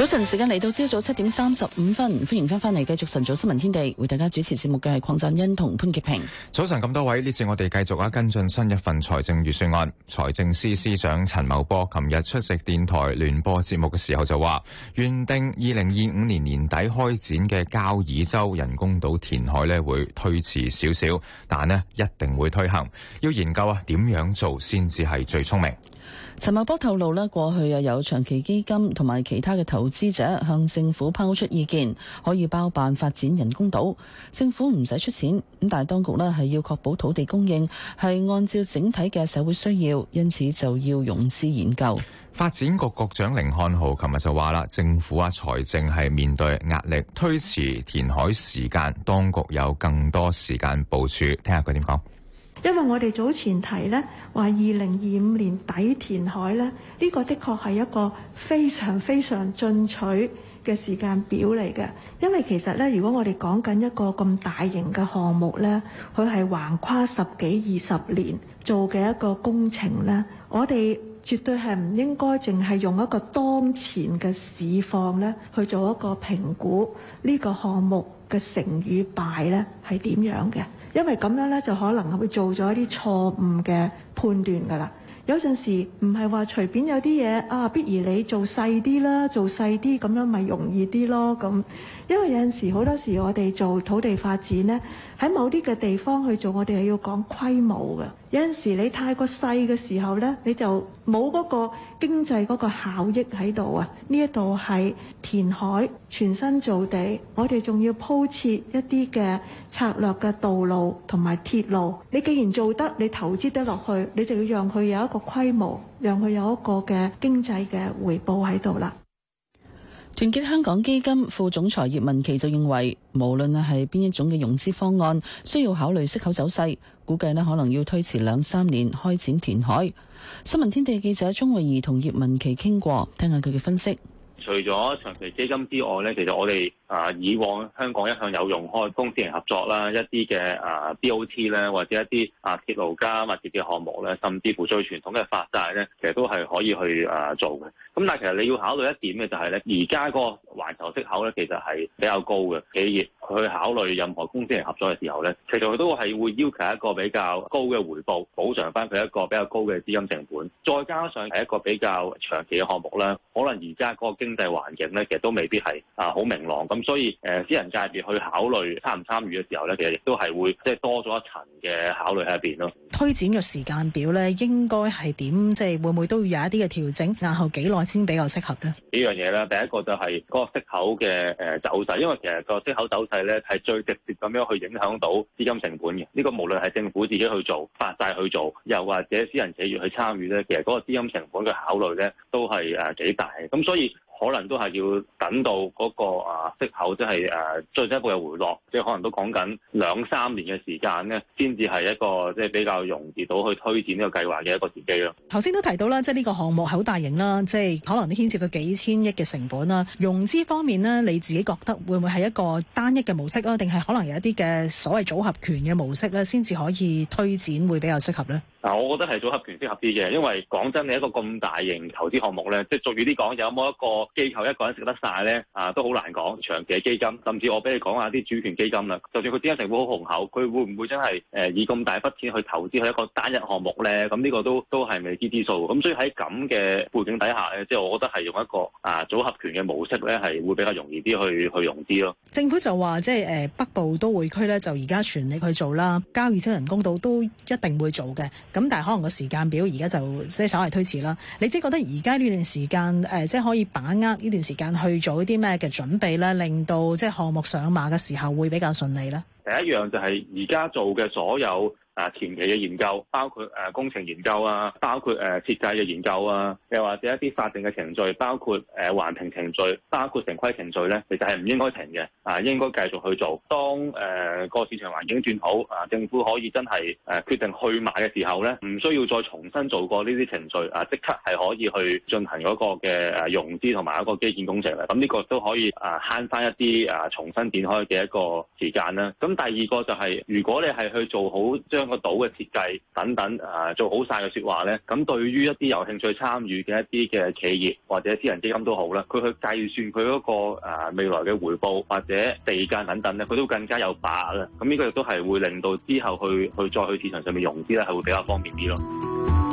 早晨時間嚟到，朝早七點三十五分，歡迎翻返嚟，繼續晨早新聞天地，為大家主持節目嘅係鄺振欣同潘潔平。早晨咁多位，呢次我哋繼續啊跟進新一份財政預算案，財政司司，司長陳茂波琴日出席電台聯播節目嘅時候就話，原定二零二五年年底開展嘅交椅洲人工島填海呢會推遲少少，但呢一定會推行，要研究啊點樣做先至係最聰明。陳茂波透露咧，過去又有長期基金同埋其他嘅投資者向政府拋出意見，可以包辦發展人工島，政府唔使出錢咁，但係當局咧係要確保土地供應係按照整體嘅社會需要，因此就要融資研究。發展局局長甯漢豪琴日就話啦，政府啊財政係面對壓力，推遲填海時間，當局有更多時間部署，聽下佢點講。因為我哋早前提呢話，二零二五年底填海呢，呢個的確係一個非常非常進取嘅時間表嚟嘅。因為其實呢，如果我哋講緊一個咁大型嘅項目呢，佢係橫跨十幾二十年做嘅一個工程呢，我哋絕對係唔應該淨係用一個當前嘅市況呢去做一個評估呢個項目嘅成與敗呢，係點樣嘅。因為咁樣咧，就可能會做咗一啲錯誤嘅判斷㗎啦。有陣時唔係話隨便有啲嘢啊，必然你做細啲啦，做細啲咁樣咪容易啲咯。咁因為有陣時好、嗯、多時我哋做土地發展咧。喺某啲嘅地方去做，我哋係要講規模嘅。有陣時你太過細嘅時候咧，你就冇嗰個經濟嗰個效益喺度啊。呢一度係填海、全新造地，我哋仲要鋪設一啲嘅策略嘅道路同埋鐵路。你既然做得，你投資得落去，你就要讓佢有一個規模，讓佢有一個嘅經濟嘅回報喺度啦。團結香港基金副總裁葉文琪就認為，無論係邊一種嘅融資方案，需要考慮息口走勢，估計咧可能要推遲兩三年開展填海。新聞天地記者鍾慧儀同葉文琪傾過，聽下佢嘅分析。除咗長期基金之外呢，其實我哋啊！以往香港一向有用開公私營合作啦，一啲嘅啊 BOT 咧，或者一啲啊鐵路加物業嘅項目咧，甚至乎最傳統嘅發債咧，其實都係可以去啊做嘅。咁但係其實你要考慮一點嘅就係、是、咧，而家個環球息口咧其實係比較高嘅，企你去考慮任何公私營合作嘅時候咧，其實佢都係會要求一個比較高嘅回報，補償翻佢一個比較高嘅資金成本。再加上係一個比較長期嘅項目咧，可能而家嗰個經濟環境咧，其實都未必係啊好明朗咁。所以，誒私人界別去考慮參唔參與嘅時候咧，其實亦都係會即係多咗一層嘅考慮喺入邊咯。推展嘅時間表咧，應該係點？即係會唔會都要有一啲嘅調整？押後幾耐先比較適合嘅？呢樣嘢咧，第一個就係嗰個息口嘅誒走勢，因為其實個息口走勢咧係最直接咁樣去影響到資金成本嘅。呢、這個無論係政府自己去做、發債去做，又或者私人企業去參與咧，其實嗰個資金成本嘅考慮咧都係誒幾大咁所以。可能都係要等到嗰個啊息口即係誒再進一步嘅回落，即係可能都講緊兩三年嘅時間咧，先至係一個即係比較容易到去推展呢個計劃嘅一個時機咯。頭先都提到啦，即係呢個項目係好大型啦，即係可能都牽涉到幾千億嘅成本啦。融資方面咧，你自己覺得會唔會係一個單一嘅模式啊？定係可能有一啲嘅所謂組合權嘅模式咧，先至可以推展會比較適合咧？嗱、啊，我覺得係組合權適合啲嘅，因為講真，你一個咁大型投資項目咧，即係俗語啲講，有冇一個機構一個人食得晒咧？啊，都好難講。長期基金，甚至我俾你講一下啲主權基金啦。就算佢資金成分好雄厚，佢會唔會真係誒、呃、以咁大筆錢去投資佢一個單一項目咧？咁、嗯、呢、這個都都係未知之數。咁、嗯、所以喺咁嘅背景底下咧，即係我覺得係用一個啊組合權嘅模式咧，係會比較容易啲去去融資咯。政府就話即係誒、呃、北部都會區咧，就而家全力去做啦。交椅洲人工島都，都，都一定會做嘅。咁但係可能個時間表而家就即係稍為推遲啦。你即係覺得而家呢段時間誒、呃，即係可以把握呢段時間去做啲咩嘅準備咧？令到即係項目上馬嘅時候會比較順利咧？第一樣就係而家做嘅所有。啊，前期嘅研究包括誒工程研究啊，包括誒設計嘅研究啊，又或者一啲法定嘅程序，包括誒環評程序，包括城規程序咧，其實係唔應該停嘅啊，應該繼續去做。當誒個、呃、市場環境轉好啊，政府可以真係誒決定去買嘅時候咧，唔需要再重新做過呢啲程序啊，即刻係可以去進行嗰個嘅誒融資同埋一個基建工程嘅。咁、嗯、呢、這個都可以啊，慳返一啲啊重新展開嘅一個時間啦。咁、嗯、第二個就係、是、如果你係去做好即。將個島嘅設計等等誒、呃、做好晒嘅說話呢，咁對於一啲有興趣參與嘅一啲嘅企業或者私人基金都好啦，佢去計算佢嗰、那個、呃、未來嘅回報或者地價等等呢，佢都更加有把握啦。咁呢個亦都係會令到之後去去再去市場上面融資呢，係會比較方便啲咯。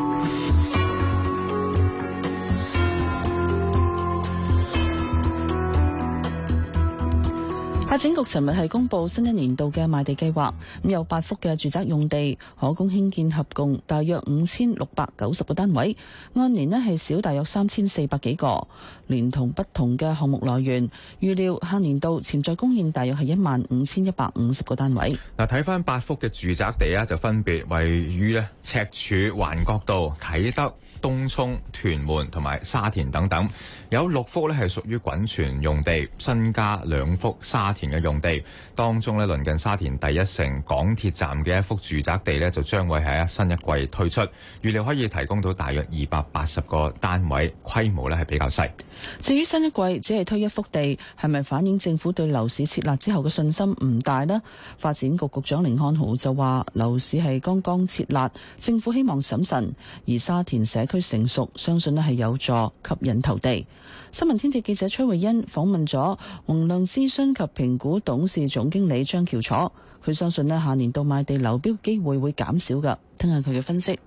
發展局尋日係公布新一年度嘅賣地計劃，咁有八幅嘅住宅用地，可供興建合共大約五千六百九十個單位，按年咧係少大約三千四百幾個。連同不同嘅項目來源，預料下年度潛在供應大約係一萬五千一百五十個單位。嗱，睇翻，八幅嘅住宅地啊，就分別位於咧赤柱、環角道、啟德、東涌、屯門同埋沙田等等，有六幅咧係屬於滾存用地，新加兩幅沙田嘅用地當中咧，鄰近沙田第一城港鐵站嘅一幅住宅地咧，就將會喺新一季推出，預料可以提供到大約二百八十個單位，規模咧係比較細。至於新一季只係推一幅地，係咪反映政府對樓市設立之後嘅信心唔大咧？發展局局長甯漢豪就話，樓市係剛剛設立，政府希望審慎，而沙田社區成熟，相信咧係有助吸引投地。新聞天地記者崔慧欣訪問咗宏亮諮詢及評估董事總經理張喬楚，佢相信咧下年到賣地流標機會會減少噶，聽下佢嘅分析。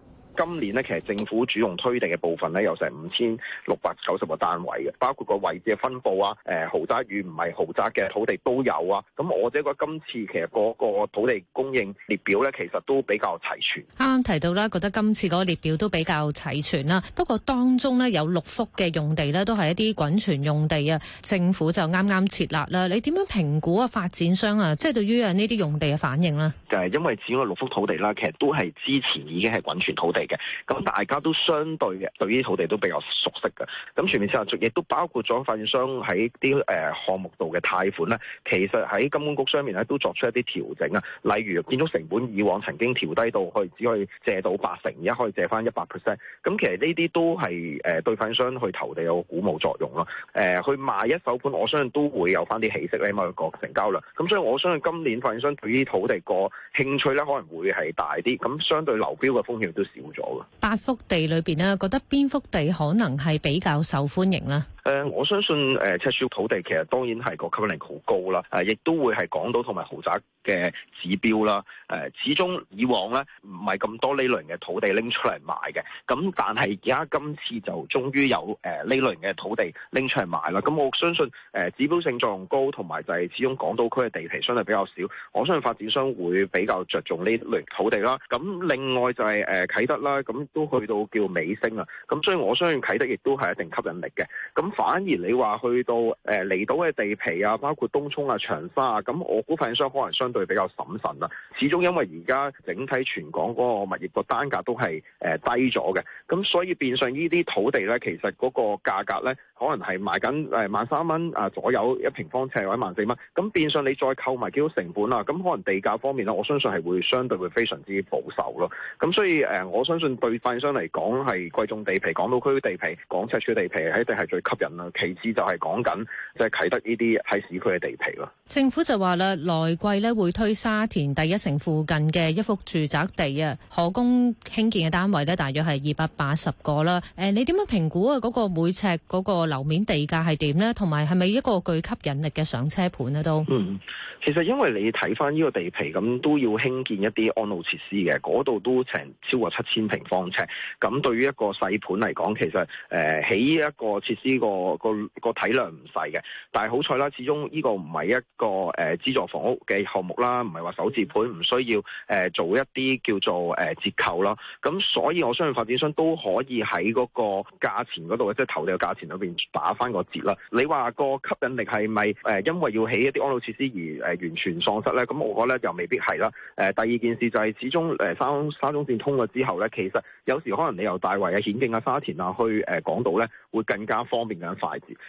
今年咧，其實政府主動推定嘅部分咧，有成五千六百九十個單位嘅，包括個位置嘅分布啊，誒豪宅與唔係豪宅嘅土地都有啊。咁我覺得今次其實嗰個土地供應列表咧，其實都比較齊全。啱啱提到啦，覺得今次嗰個列表都比較齊全啦。不過當中咧，有六幅嘅用地咧，都係一啲滾存用地啊。政府就啱啱設立啦。你點樣評估啊？發展商啊，即係對於啊呢啲用地嘅反應呢？就係因為只有六幅土地啦，其實都係之前已經係滾存土地。咁大家都相對嘅對於土地都比較熟悉嘅，咁全面消化亦都包括咗發展商喺啲誒項目度嘅貸款咧，其實喺金管局上面咧都作出一啲調整啊，例如建築成本以往曾經調低到去只可以借到八成，而家可以借翻一百 percent，咁其實呢啲都係誒、呃、對發展商去投地有個鼓舞作用咯，誒、呃、去賣一手盤我相信都會有翻啲起色咧，咁啊個成交量，咁所以我相信今年發展商對於土地個興趣咧可能會係大啲，咁相對流標嘅風險都少咗。八幅地裏邊咧，覺得邊幅地可能係比較受歡迎咧？誒、呃，我相信誒，赤、呃、柱土地其實當然係個吸引力好高啦，誒、啊，亦都會係港島同埋豪宅嘅指標啦。誒、呃，始終以往咧唔係咁多呢類嘅土地拎出嚟賣嘅，咁但係而家今次就終於有誒呢、呃、類嘅土地拎出嚟賣啦。咁我相信誒、呃、指標性作用高，同埋就係始終港島區嘅地皮相對比較少，我相信發展商會比較着重呢類土地啦。咁另外就係誒啟德啦，咁都去到叫尾聲啊。咁所以我相信啟德亦都係一定吸引力嘅。咁反而你話去到誒離島嘅地皮啊，包括東涌啊、長沙啊，咁我估發展商可能相對比較審慎啦。始終因為而家整體全港嗰個物業個單價都係誒、呃、低咗嘅，咁所以變相呢啲土地咧，其實嗰個價格咧，可能係賣緊誒萬三蚊啊左右一平方尺，或者萬四蚊。咁變相你再扣埋幾多成本啊，咁可能地價方面咧，我相信係會相對會非常之保守咯。咁所以誒、呃，我相信對發展商嚟講，係貴重地皮、港島區地皮、港赤柱地，地皮，一定係最吸。其次就係講緊即係啟德呢啲喺市區嘅地皮咯。政府就話啦，來季咧會推沙田第一城附近嘅一幅住宅地啊，可供興建嘅單位咧大約係二百八十個啦。誒、呃，你點樣評估啊？嗰、那個每尺嗰個樓面地價係點呢？同埋係咪一個具吸引力嘅上車盤呢？都嗯，其實因為你睇返呢個地皮咁，都要興建一啲安老設施嘅，嗰度都成超過七千平方尺。咁對於一個細盤嚟講，其實誒起、呃、一個設施個。個個個體量唔細嘅，但係好彩啦，始終呢個唔係一個誒資助房屋嘅項目啦，唔係話首置盤，唔需要誒做一啲叫做誒折扣啦。咁所以我相信發展商都可以喺嗰個價錢嗰度，即係投地嘅價錢裏邊打翻個折啦。你話個吸引力係咪誒因為要起一啲安老設施而誒完全喪失咧？咁我覺得又未必係啦。誒，第二件事就係始終誒沙中線通咗之後咧，其實有時可能你由大圍啊、顯徑啊、沙田啊去誒、呃、港島咧會更加方便。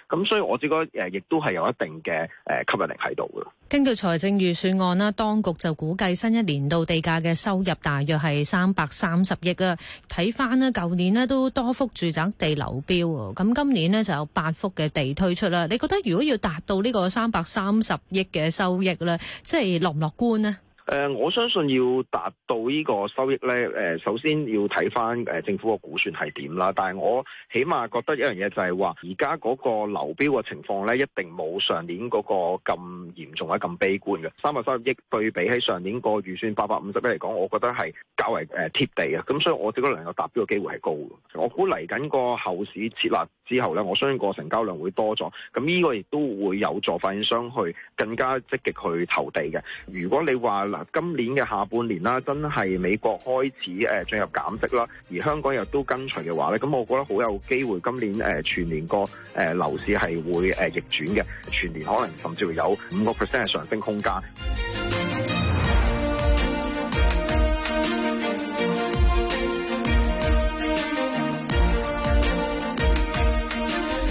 咁所以我覺得誒，亦都係有一定嘅誒吸引力喺度嘅。根據財政預算案啦，當局就估計新一年度地價嘅收入大約係三百三十億啊。睇翻咧，舊年咧都多幅住宅地流標，咁今年咧就有八幅嘅地推出啦。你覺得如果要達到呢個三百三十億嘅收益咧，即係樂唔樂觀呢？誒、呃，我相信要達到呢個收益呢，誒、呃，首先要睇翻誒政府個估算係點啦。但係我起碼覺得一樣嘢就係話，而家嗰個流標嘅情況呢，一定冇上年嗰個咁嚴重或者咁悲觀嘅。三百三十億對比起上年個預算八百五十億嚟講，我覺得係較為誒、呃、貼地嘅。咁所以我只嗰輪有達標嘅機會係高嘅。我估嚟緊個後市設立之後呢，我相信個成交量會多咗，咁呢個亦都會有助發展商去更加積極去投地嘅。如果你話今年嘅下半年啦，真係美國開始誒、呃、進入減息啦，而香港又都跟隨嘅話咧，咁我覺得好有機會今年誒、呃、全年個誒、呃、樓市係會誒、呃、逆轉嘅，全年可能甚至乎有五個 percent 嘅上升空間。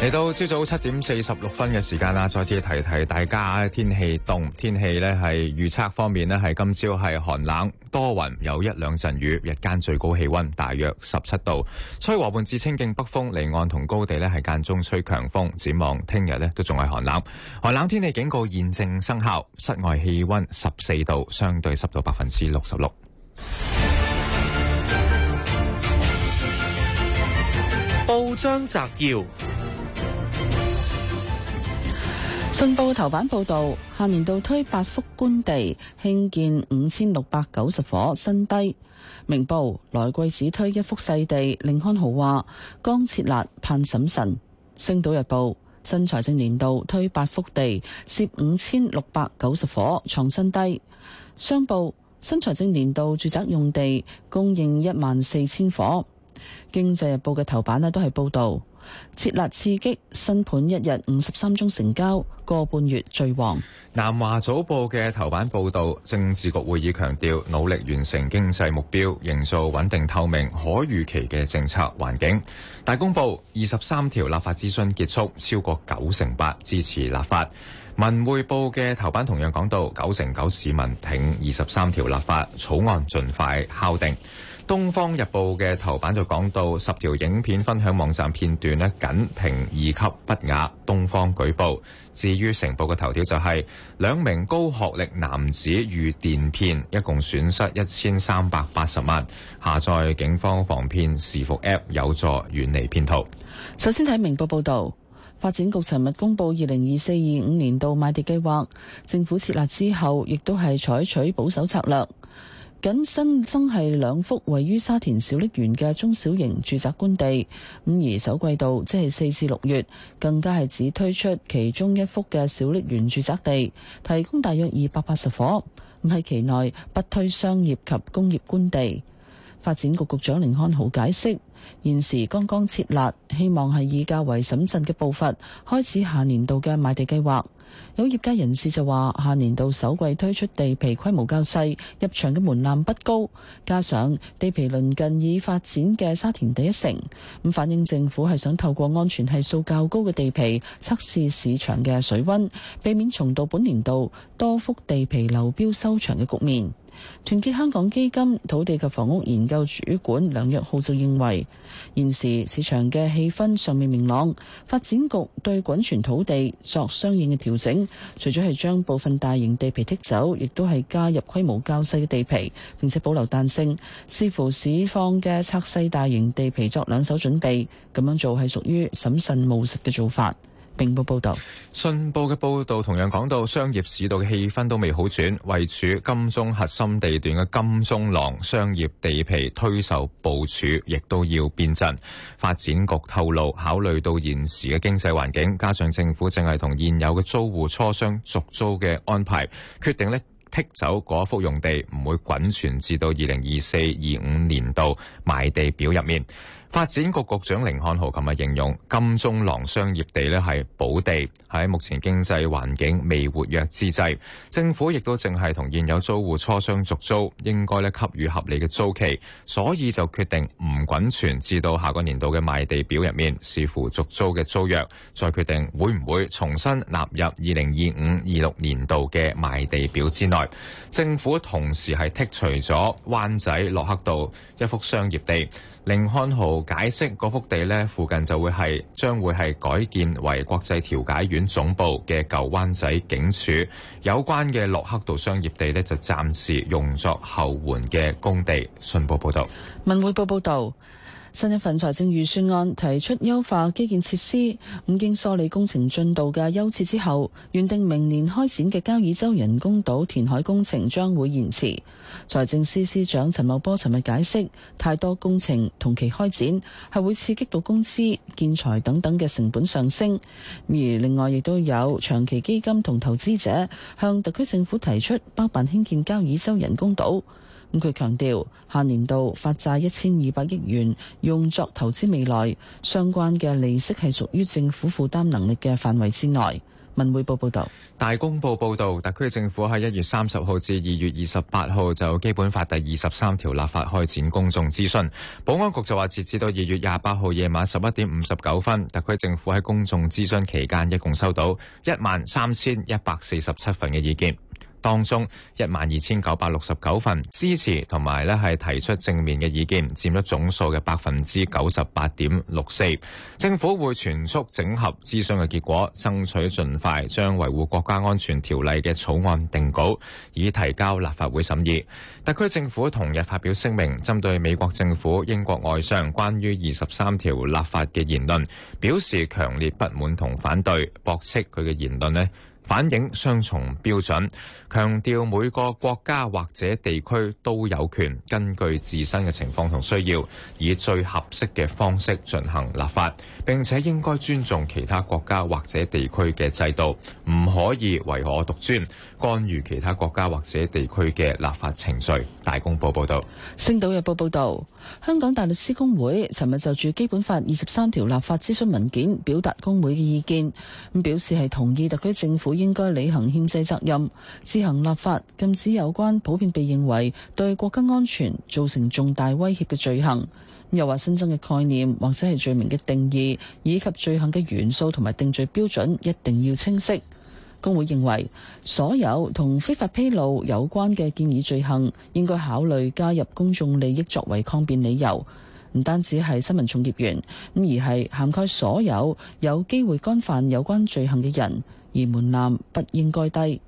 嚟到朝早七點四十六分嘅時間啦，再次提提大家天氣凍，天氣呢係預測方面呢係今朝係寒冷多雲，有一兩陣雨，日間最高氣溫大約十七度，吹和緩至清勁北風，離岸同高地呢係間中吹強風，展望聽日呢都仲係寒冷，寒冷天氣警告現正生效，室外氣溫十四度，相對濕度百分之六十六。報章摘要。信報頭版報導，下年度推八幅官地，興建五千六百九十伙新低。明報來季只推一幅細地，甯漢豪話剛設立盼審慎。星島日報新財政年度推八幅地，涉五千六百九十伙創新低。商報新財政年度住宅用地供應一萬四千伙。經濟日報嘅頭版咧都係報導。撤辣刺激新盤一日五十三宗成交，個半月最旺。南華早報嘅頭版報道，政治局會議強調努力完成經濟目標，營造穩定透明可預期嘅政策環境。大公報二十三條立法諮詢結束，超過九成八支持立法。文匯報嘅頭版同樣講到，九成九市民挺二十三條立法草案盡快敲定。《東方日報》嘅頭版就講到十條影片分享網站片段咧，僅評二級不雅。《東方》舉報。至於成報嘅頭條就係、是、兩名高學歷男子遇電騙，一共損失一千三百八十萬。下載警方防騙視伏 App 有助遠離騙徒。首先睇明報報導，發展局尋日公佈二零二四二五年度賣地計劃，政府設立之後，亦都係採取保守策略。僅新增係兩幅位於沙田小瀝源嘅中小型住宅官地，咁而首季度即係四至六月，更加係只推出其中一幅嘅小瀝源住宅地，提供大約二百八十伙，咁喺期內不推商業及工業官地。發展局局長甯漢豪解釋，現時剛剛設立，希望係以較為審慎嘅步伐開始下年度嘅買地計劃。有業界人士就話，下年度首季推出地皮規模較細，入場嘅門檻不高，加上地皮鄰近已發展嘅沙田第一城，咁反映政府係想透過安全係數較高嘅地皮測試市場嘅水溫，避免重蹈本年度多幅地皮流標收場嘅局面。團結香港基金土地及房屋研究主管梁躍昊就認為，現時市場嘅氣氛尚未明朗，發展局對滾存土地作相應嘅調整，除咗係將部分大型地皮剔走，亦都係加入規模較細嘅地皮，並且保留彈性，視乎市況嘅拆細大型地皮作兩手準備。咁樣做係屬於審慎務實嘅做法。明報報道，信報嘅報道同樣講到，商業市道嘅氣氛都未好轉，位處金鐘核心地段嘅金鐘廊商業地皮推售部署，亦都要變陣。發展局透露，考慮到現時嘅經濟環境，加上政府正係同現有嘅租戶磋商續租嘅安排，決定呢剔走嗰幅用地，唔會滾存至到二零二四、二五年度賣地表入面。發展局局長凌漢豪琴日形容金鐘廊商業地咧係寶地。喺目前經濟環境未活躍之際，政府亦都淨係同現有租戶磋商續租，應該咧給予合理嘅租期，所以就決定唔滾存，至到下個年度嘅賣地表入面視乎續租嘅租約，再決定會唔會重新納入二零二五、二六年度嘅賣地表之內。政府同時係剔除咗灣仔洛克道一幅商業地。甯漢豪解釋，嗰幅地咧附近就會係將會係改建為國際調解院總部嘅舊灣仔警署有關嘅洛克道商業地咧，就暫時用作後援嘅工地。信報報道、文匯報報道。新一份財政預算案提出優化基建設施、五徑梳理工程進度嘅優次之後，原定明年開展嘅交椅洲人工島填海工程將會延遲。財政司司長陳茂波尋日解釋，太多工程同期開展係會刺激到公司、建材等等嘅成本上升。而另外亦都有長期基金同投資者向特區政府提出包辦興建交椅洲人工島。咁佢強調，下年度發債一千二百億元，用作投資未來，相關嘅利息係屬於政府負擔能力嘅範圍之內。文匯報報道：「大公報報道，特區政府喺一月三十號至二月二十八號就基本法第二十三條立法開展公眾諮詢。保安局就話，截止到二月廿八號夜晚十一點五十九分，特區政府喺公眾諮詢期間一共收到一萬三千一百四十七份嘅意見。當中一萬二千九百六十九份支持同埋咧係提出正面嘅意見，佔咗總數嘅百分之九十八點六四。政府會全速整合諮詢嘅結果，爭取盡快將維護國家安全條例嘅草案定稿，以提交立法會審議。特區政府同日發表聲明，針對美國政府、英國外相關於二十三條立法嘅言論，表示強烈不滿同反對，駁斥佢嘅言論咧，反映雙重標準，強調每個國家或者地區都有權根據自身嘅情況同需要，以最合適嘅方式進行立法，並且應該尊重其他國家或者地區嘅制度，唔可以唯我獨尊，干預其他國家或者地區嘅立法程序。大公報報道。《星島日報》報道。香港大律師公會尋日就住《基本法》二十三條立法諮詢文件表達公會嘅意見，咁表示係同意特區政府應該履行憲制責任，自行立法禁止有關普遍被認為對國家安全造成重大威脅嘅罪行。又話新增嘅概念或者係罪名嘅定義，以及罪行嘅元素同埋定罪標準一定要清晰。公會認為，所有同非法披露有關嘅建議罪行，應該考慮加入公眾利益作為抗辯理由，唔單止係新聞從業員，咁而係涵蓋所有有機會干犯有關罪行嘅人，而門檻不應該低。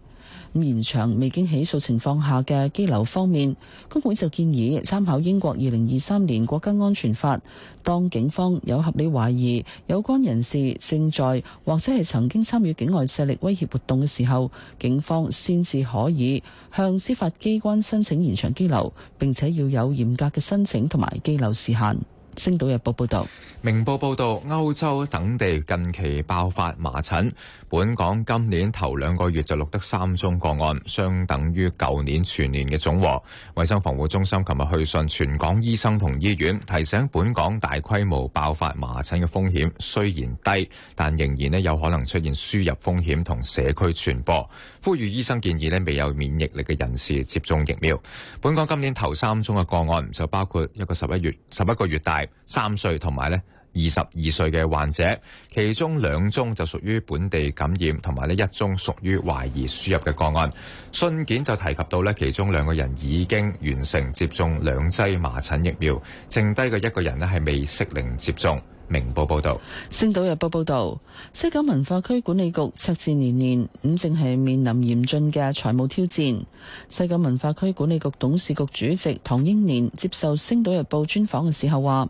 咁延長未經起訴情況下嘅羈留方面，公會就建議參考英國二零二三年國家安全法，當警方有合理懷疑有關人士正在或者係曾經參與境外勢力威脅活動嘅時候，警方先至可以向司法機關申請延長羈留，並且要有嚴格嘅申請同埋羈留時限。星島日報報道，明報報道，歐洲等地近期爆發麻疹。本港今年頭兩個月就錄得三宗個案，相等於舊年全年嘅總和。衞生防護中心琴日去信全港醫生同醫院，提醒本港大規模爆發麻疹嘅風險雖然低，但仍然呢有可能出現輸入風險同社區傳播。呼籲醫生建議呢未有免疫力嘅人士接種疫苗。本港今年頭三宗嘅個案就包括一個十一月、十一個月大、三歲同埋呢，二十二歲嘅患者，其中兩宗就屬於本地感染，同埋呢一宗屬於懷疑輸入嘅個案。信件就提及到呢其中兩個人已經完成接種兩劑麻疹疫苗，剩低嘅一個人呢係未適齡接種。明報報道，《星島日報》報道，西九文化區管理局赤字年年，咁正係面臨嚴峻嘅財務挑戰。西九文化區管理局董事局主席唐英年接受《星島日報》專訪嘅時候話，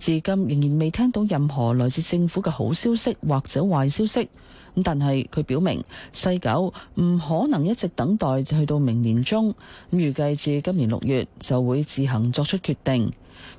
至今仍然未聽到任何來自政府嘅好消息或者壞消息。咁但係佢表明，西九唔可能一直等待就去到明年中，咁預計至今年六月就會自行作出決定。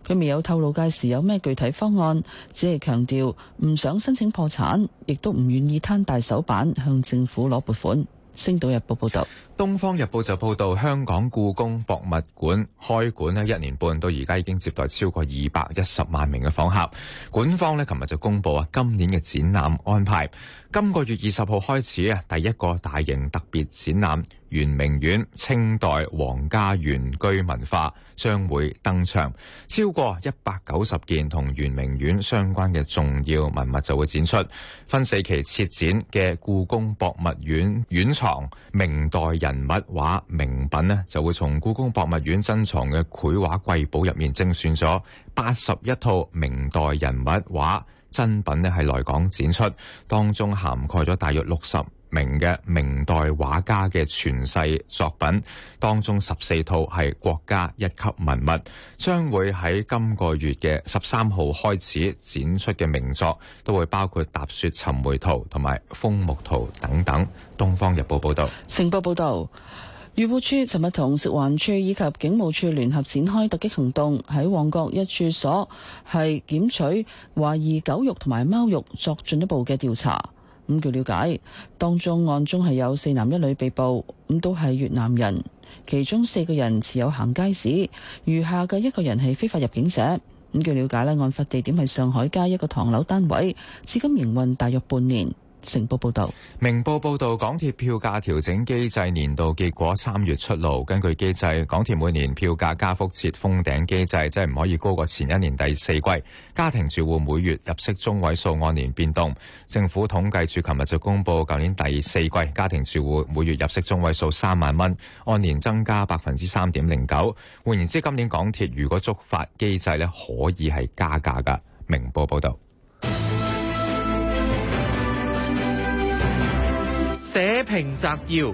佢未有透露屆時有咩具體方案，只係強調唔想申請破產，亦都唔願意攤大手板向政府攞撥款。星島日報報道，東方日報就報道，香港故宮博物館開館呢一年半到而家已經接待超過二百一十萬名嘅訪客，館方呢琴日就公布啊今年嘅展覽安排。今個月二十號開始啊，第一個大型特別展覽《圓明園清代皇家園居文化》將會登場，超過一百九十件同圓明園相關嘅重要文物就會展出，分四期設展嘅故宮博物院院藏明代人物畫名品呢，就會從故宮博物院珍藏嘅繪畫瑰寶入面精選咗八十一套明代人物畫。新品呢係來港展出，當中涵蓋咗大約六十名嘅明代畫家嘅傳世作品，當中十四套係國家一級文物，將會喺今個月嘅十三號開始展出嘅名作，都會包括《踏雪尋梅圖》同埋《楓木圖》等等。東方日報報道，成報報道。漁護署尋日同食環署以及警務處聯合展開突擊行動，喺旺角一處所係檢取懷疑狗肉同埋貓肉，作進一步嘅調查。咁、嗯、據了解，當中案中係有四男一女被捕，咁、嗯、都係越南人，其中四個人持有行街紙，餘下嘅一個人係非法入境者。咁、嗯、據了解咧，案發地點係上海街一個唐樓單位，至今營運大約半年。明報報道，明報報道，港鐵票價調整機制年度結果三月出爐。根據機制，港鐵每年票價加幅設封頂機制，即係唔可以高過前一年第四季家庭住戶每月入息中位數按年變動。政府統計處琴日就公布，舊年第四季家庭住戶每月入息中位數三萬蚊，按年增加百分之三點零九。換言之，今年港鐵如果觸發機制呢，可以係加價噶。明報報道。社評摘要：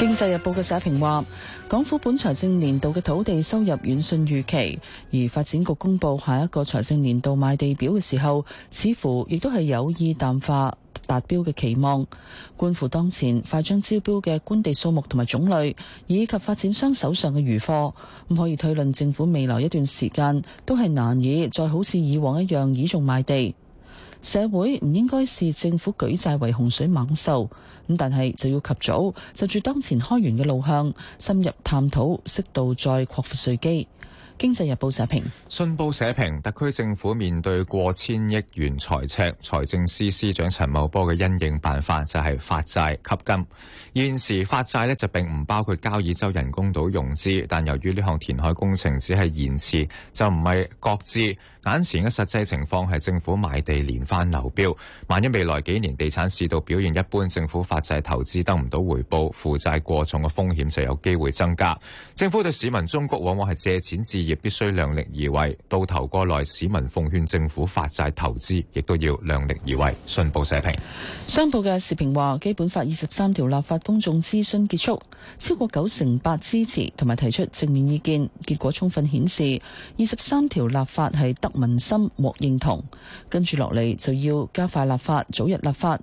經濟日報嘅社評話，港府本財政年度嘅土地收入遠遜預期，而發展局公布下一個財政年度賣地表嘅時候，似乎亦都係有意淡化達標嘅期望。觀乎當前快將招標嘅官地數目同埋種類，以及發展商手上嘅餘貨，唔可以推論政府未來一段時間，都係難以再好似以往一樣倚重賣地。社會唔應該視政府舉債為洪水猛獸，咁但係就要及早就住當前開源嘅路向深入探討，適度再擴闊稅基。經濟日報社評，評信報社評，特區政府面對過千億元財赤，財政司司長陳茂波嘅因應辦法就係發債吸金。現時發債呢，就並唔包括交椅洲人工島融資，但由於呢項填海工程只係延遲，就唔係擱置。眼前嘅實際情況，係政府賣地連番流標，萬一未來幾年地產市道表現一般，政府發債投資得唔到回報負債過重嘅風險就有機會增加。政府對市民忠告往往係借錢置業必須量力而為到頭過來，市民奉勸政府發債投資亦都要量力而為，信報社評商報嘅時評話《基本法》二十三條立法公眾諮詢結束，超過九成八支持同埋提出正面意見結果充分顯示二十三條立法係得。民心獲認同，跟住落嚟就要加快立法，早日立法，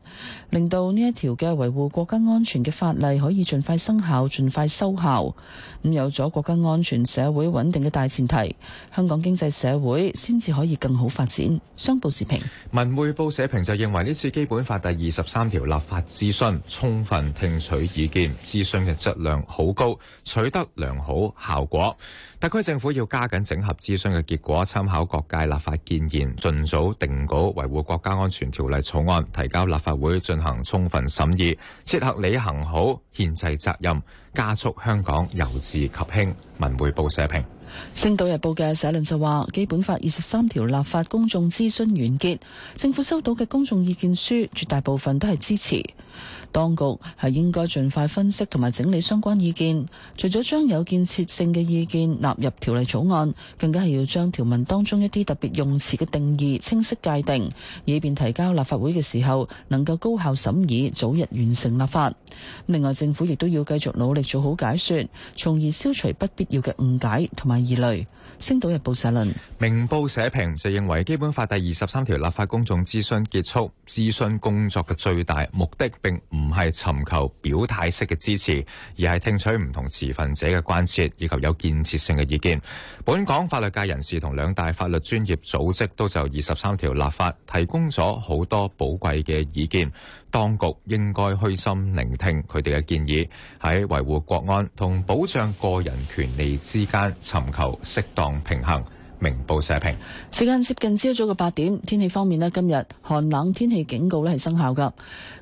令到呢一條嘅維護國家安全嘅法例可以儘快生效、儘快收效。咁有咗國家安全、社會穩定嘅大前提，香港經濟社會先至可以更好發展。商報時評、文匯報社評就認為呢次基本法第二十三條立法諮詢，充分聽取意見，諮詢嘅質量好高，取得良好效果。特區政府要加緊整合諮詢嘅結果，參考各界立法建言，盡早定稿維護國家安全條例草案，提交立法會進行充分審議，切合履行好憲制責任，加速香港由治及興。文匯報社評，《星島日報》嘅社論就話：基本法二十三條立法公眾諮詢完結，政府收到嘅公眾意見書絕大部分都係支持。當局係應該盡快分析同埋整理相關意見，除咗將有建設性嘅意見納入條例草案，更加係要將條文當中一啲特別用詞嘅定義清晰界定，以便提交立法會嘅時候能夠高效審議，早日完成立法。另外，政府亦都要繼續努力做好解說，從而消除不必要嘅誤解同埋疑慮。《星島日報》社論，明報社評就認為，基本法第二十三條立法公眾諮詢結束，諮詢工作嘅最大目的，並唔係尋求表態式嘅支持，而係聽取唔同持份者嘅關切以及有建設性嘅意見。本港法律界人士同兩大法律專業組織都就二十三條立法提供咗好多寶貴嘅意見。當局應該虛心聆聽佢哋嘅建議，在維護國安同保障個人權利之間尋求適當平衡。明報社評，時間接近朝早嘅八點。天氣方面呢，今日寒冷天氣警告呢係生效㗎。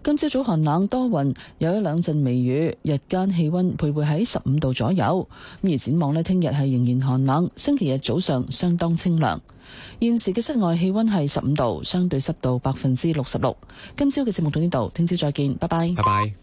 今朝早寒冷多雲，有一兩陣微雨。日間氣溫徘徊喺十五度左右。而展望呢，聽日係仍然寒冷。星期日早上相當清涼。現時嘅室外氣溫係十五度，相對濕度百分之六十六。今朝嘅節目到呢度，聽朝再見，拜拜。拜拜。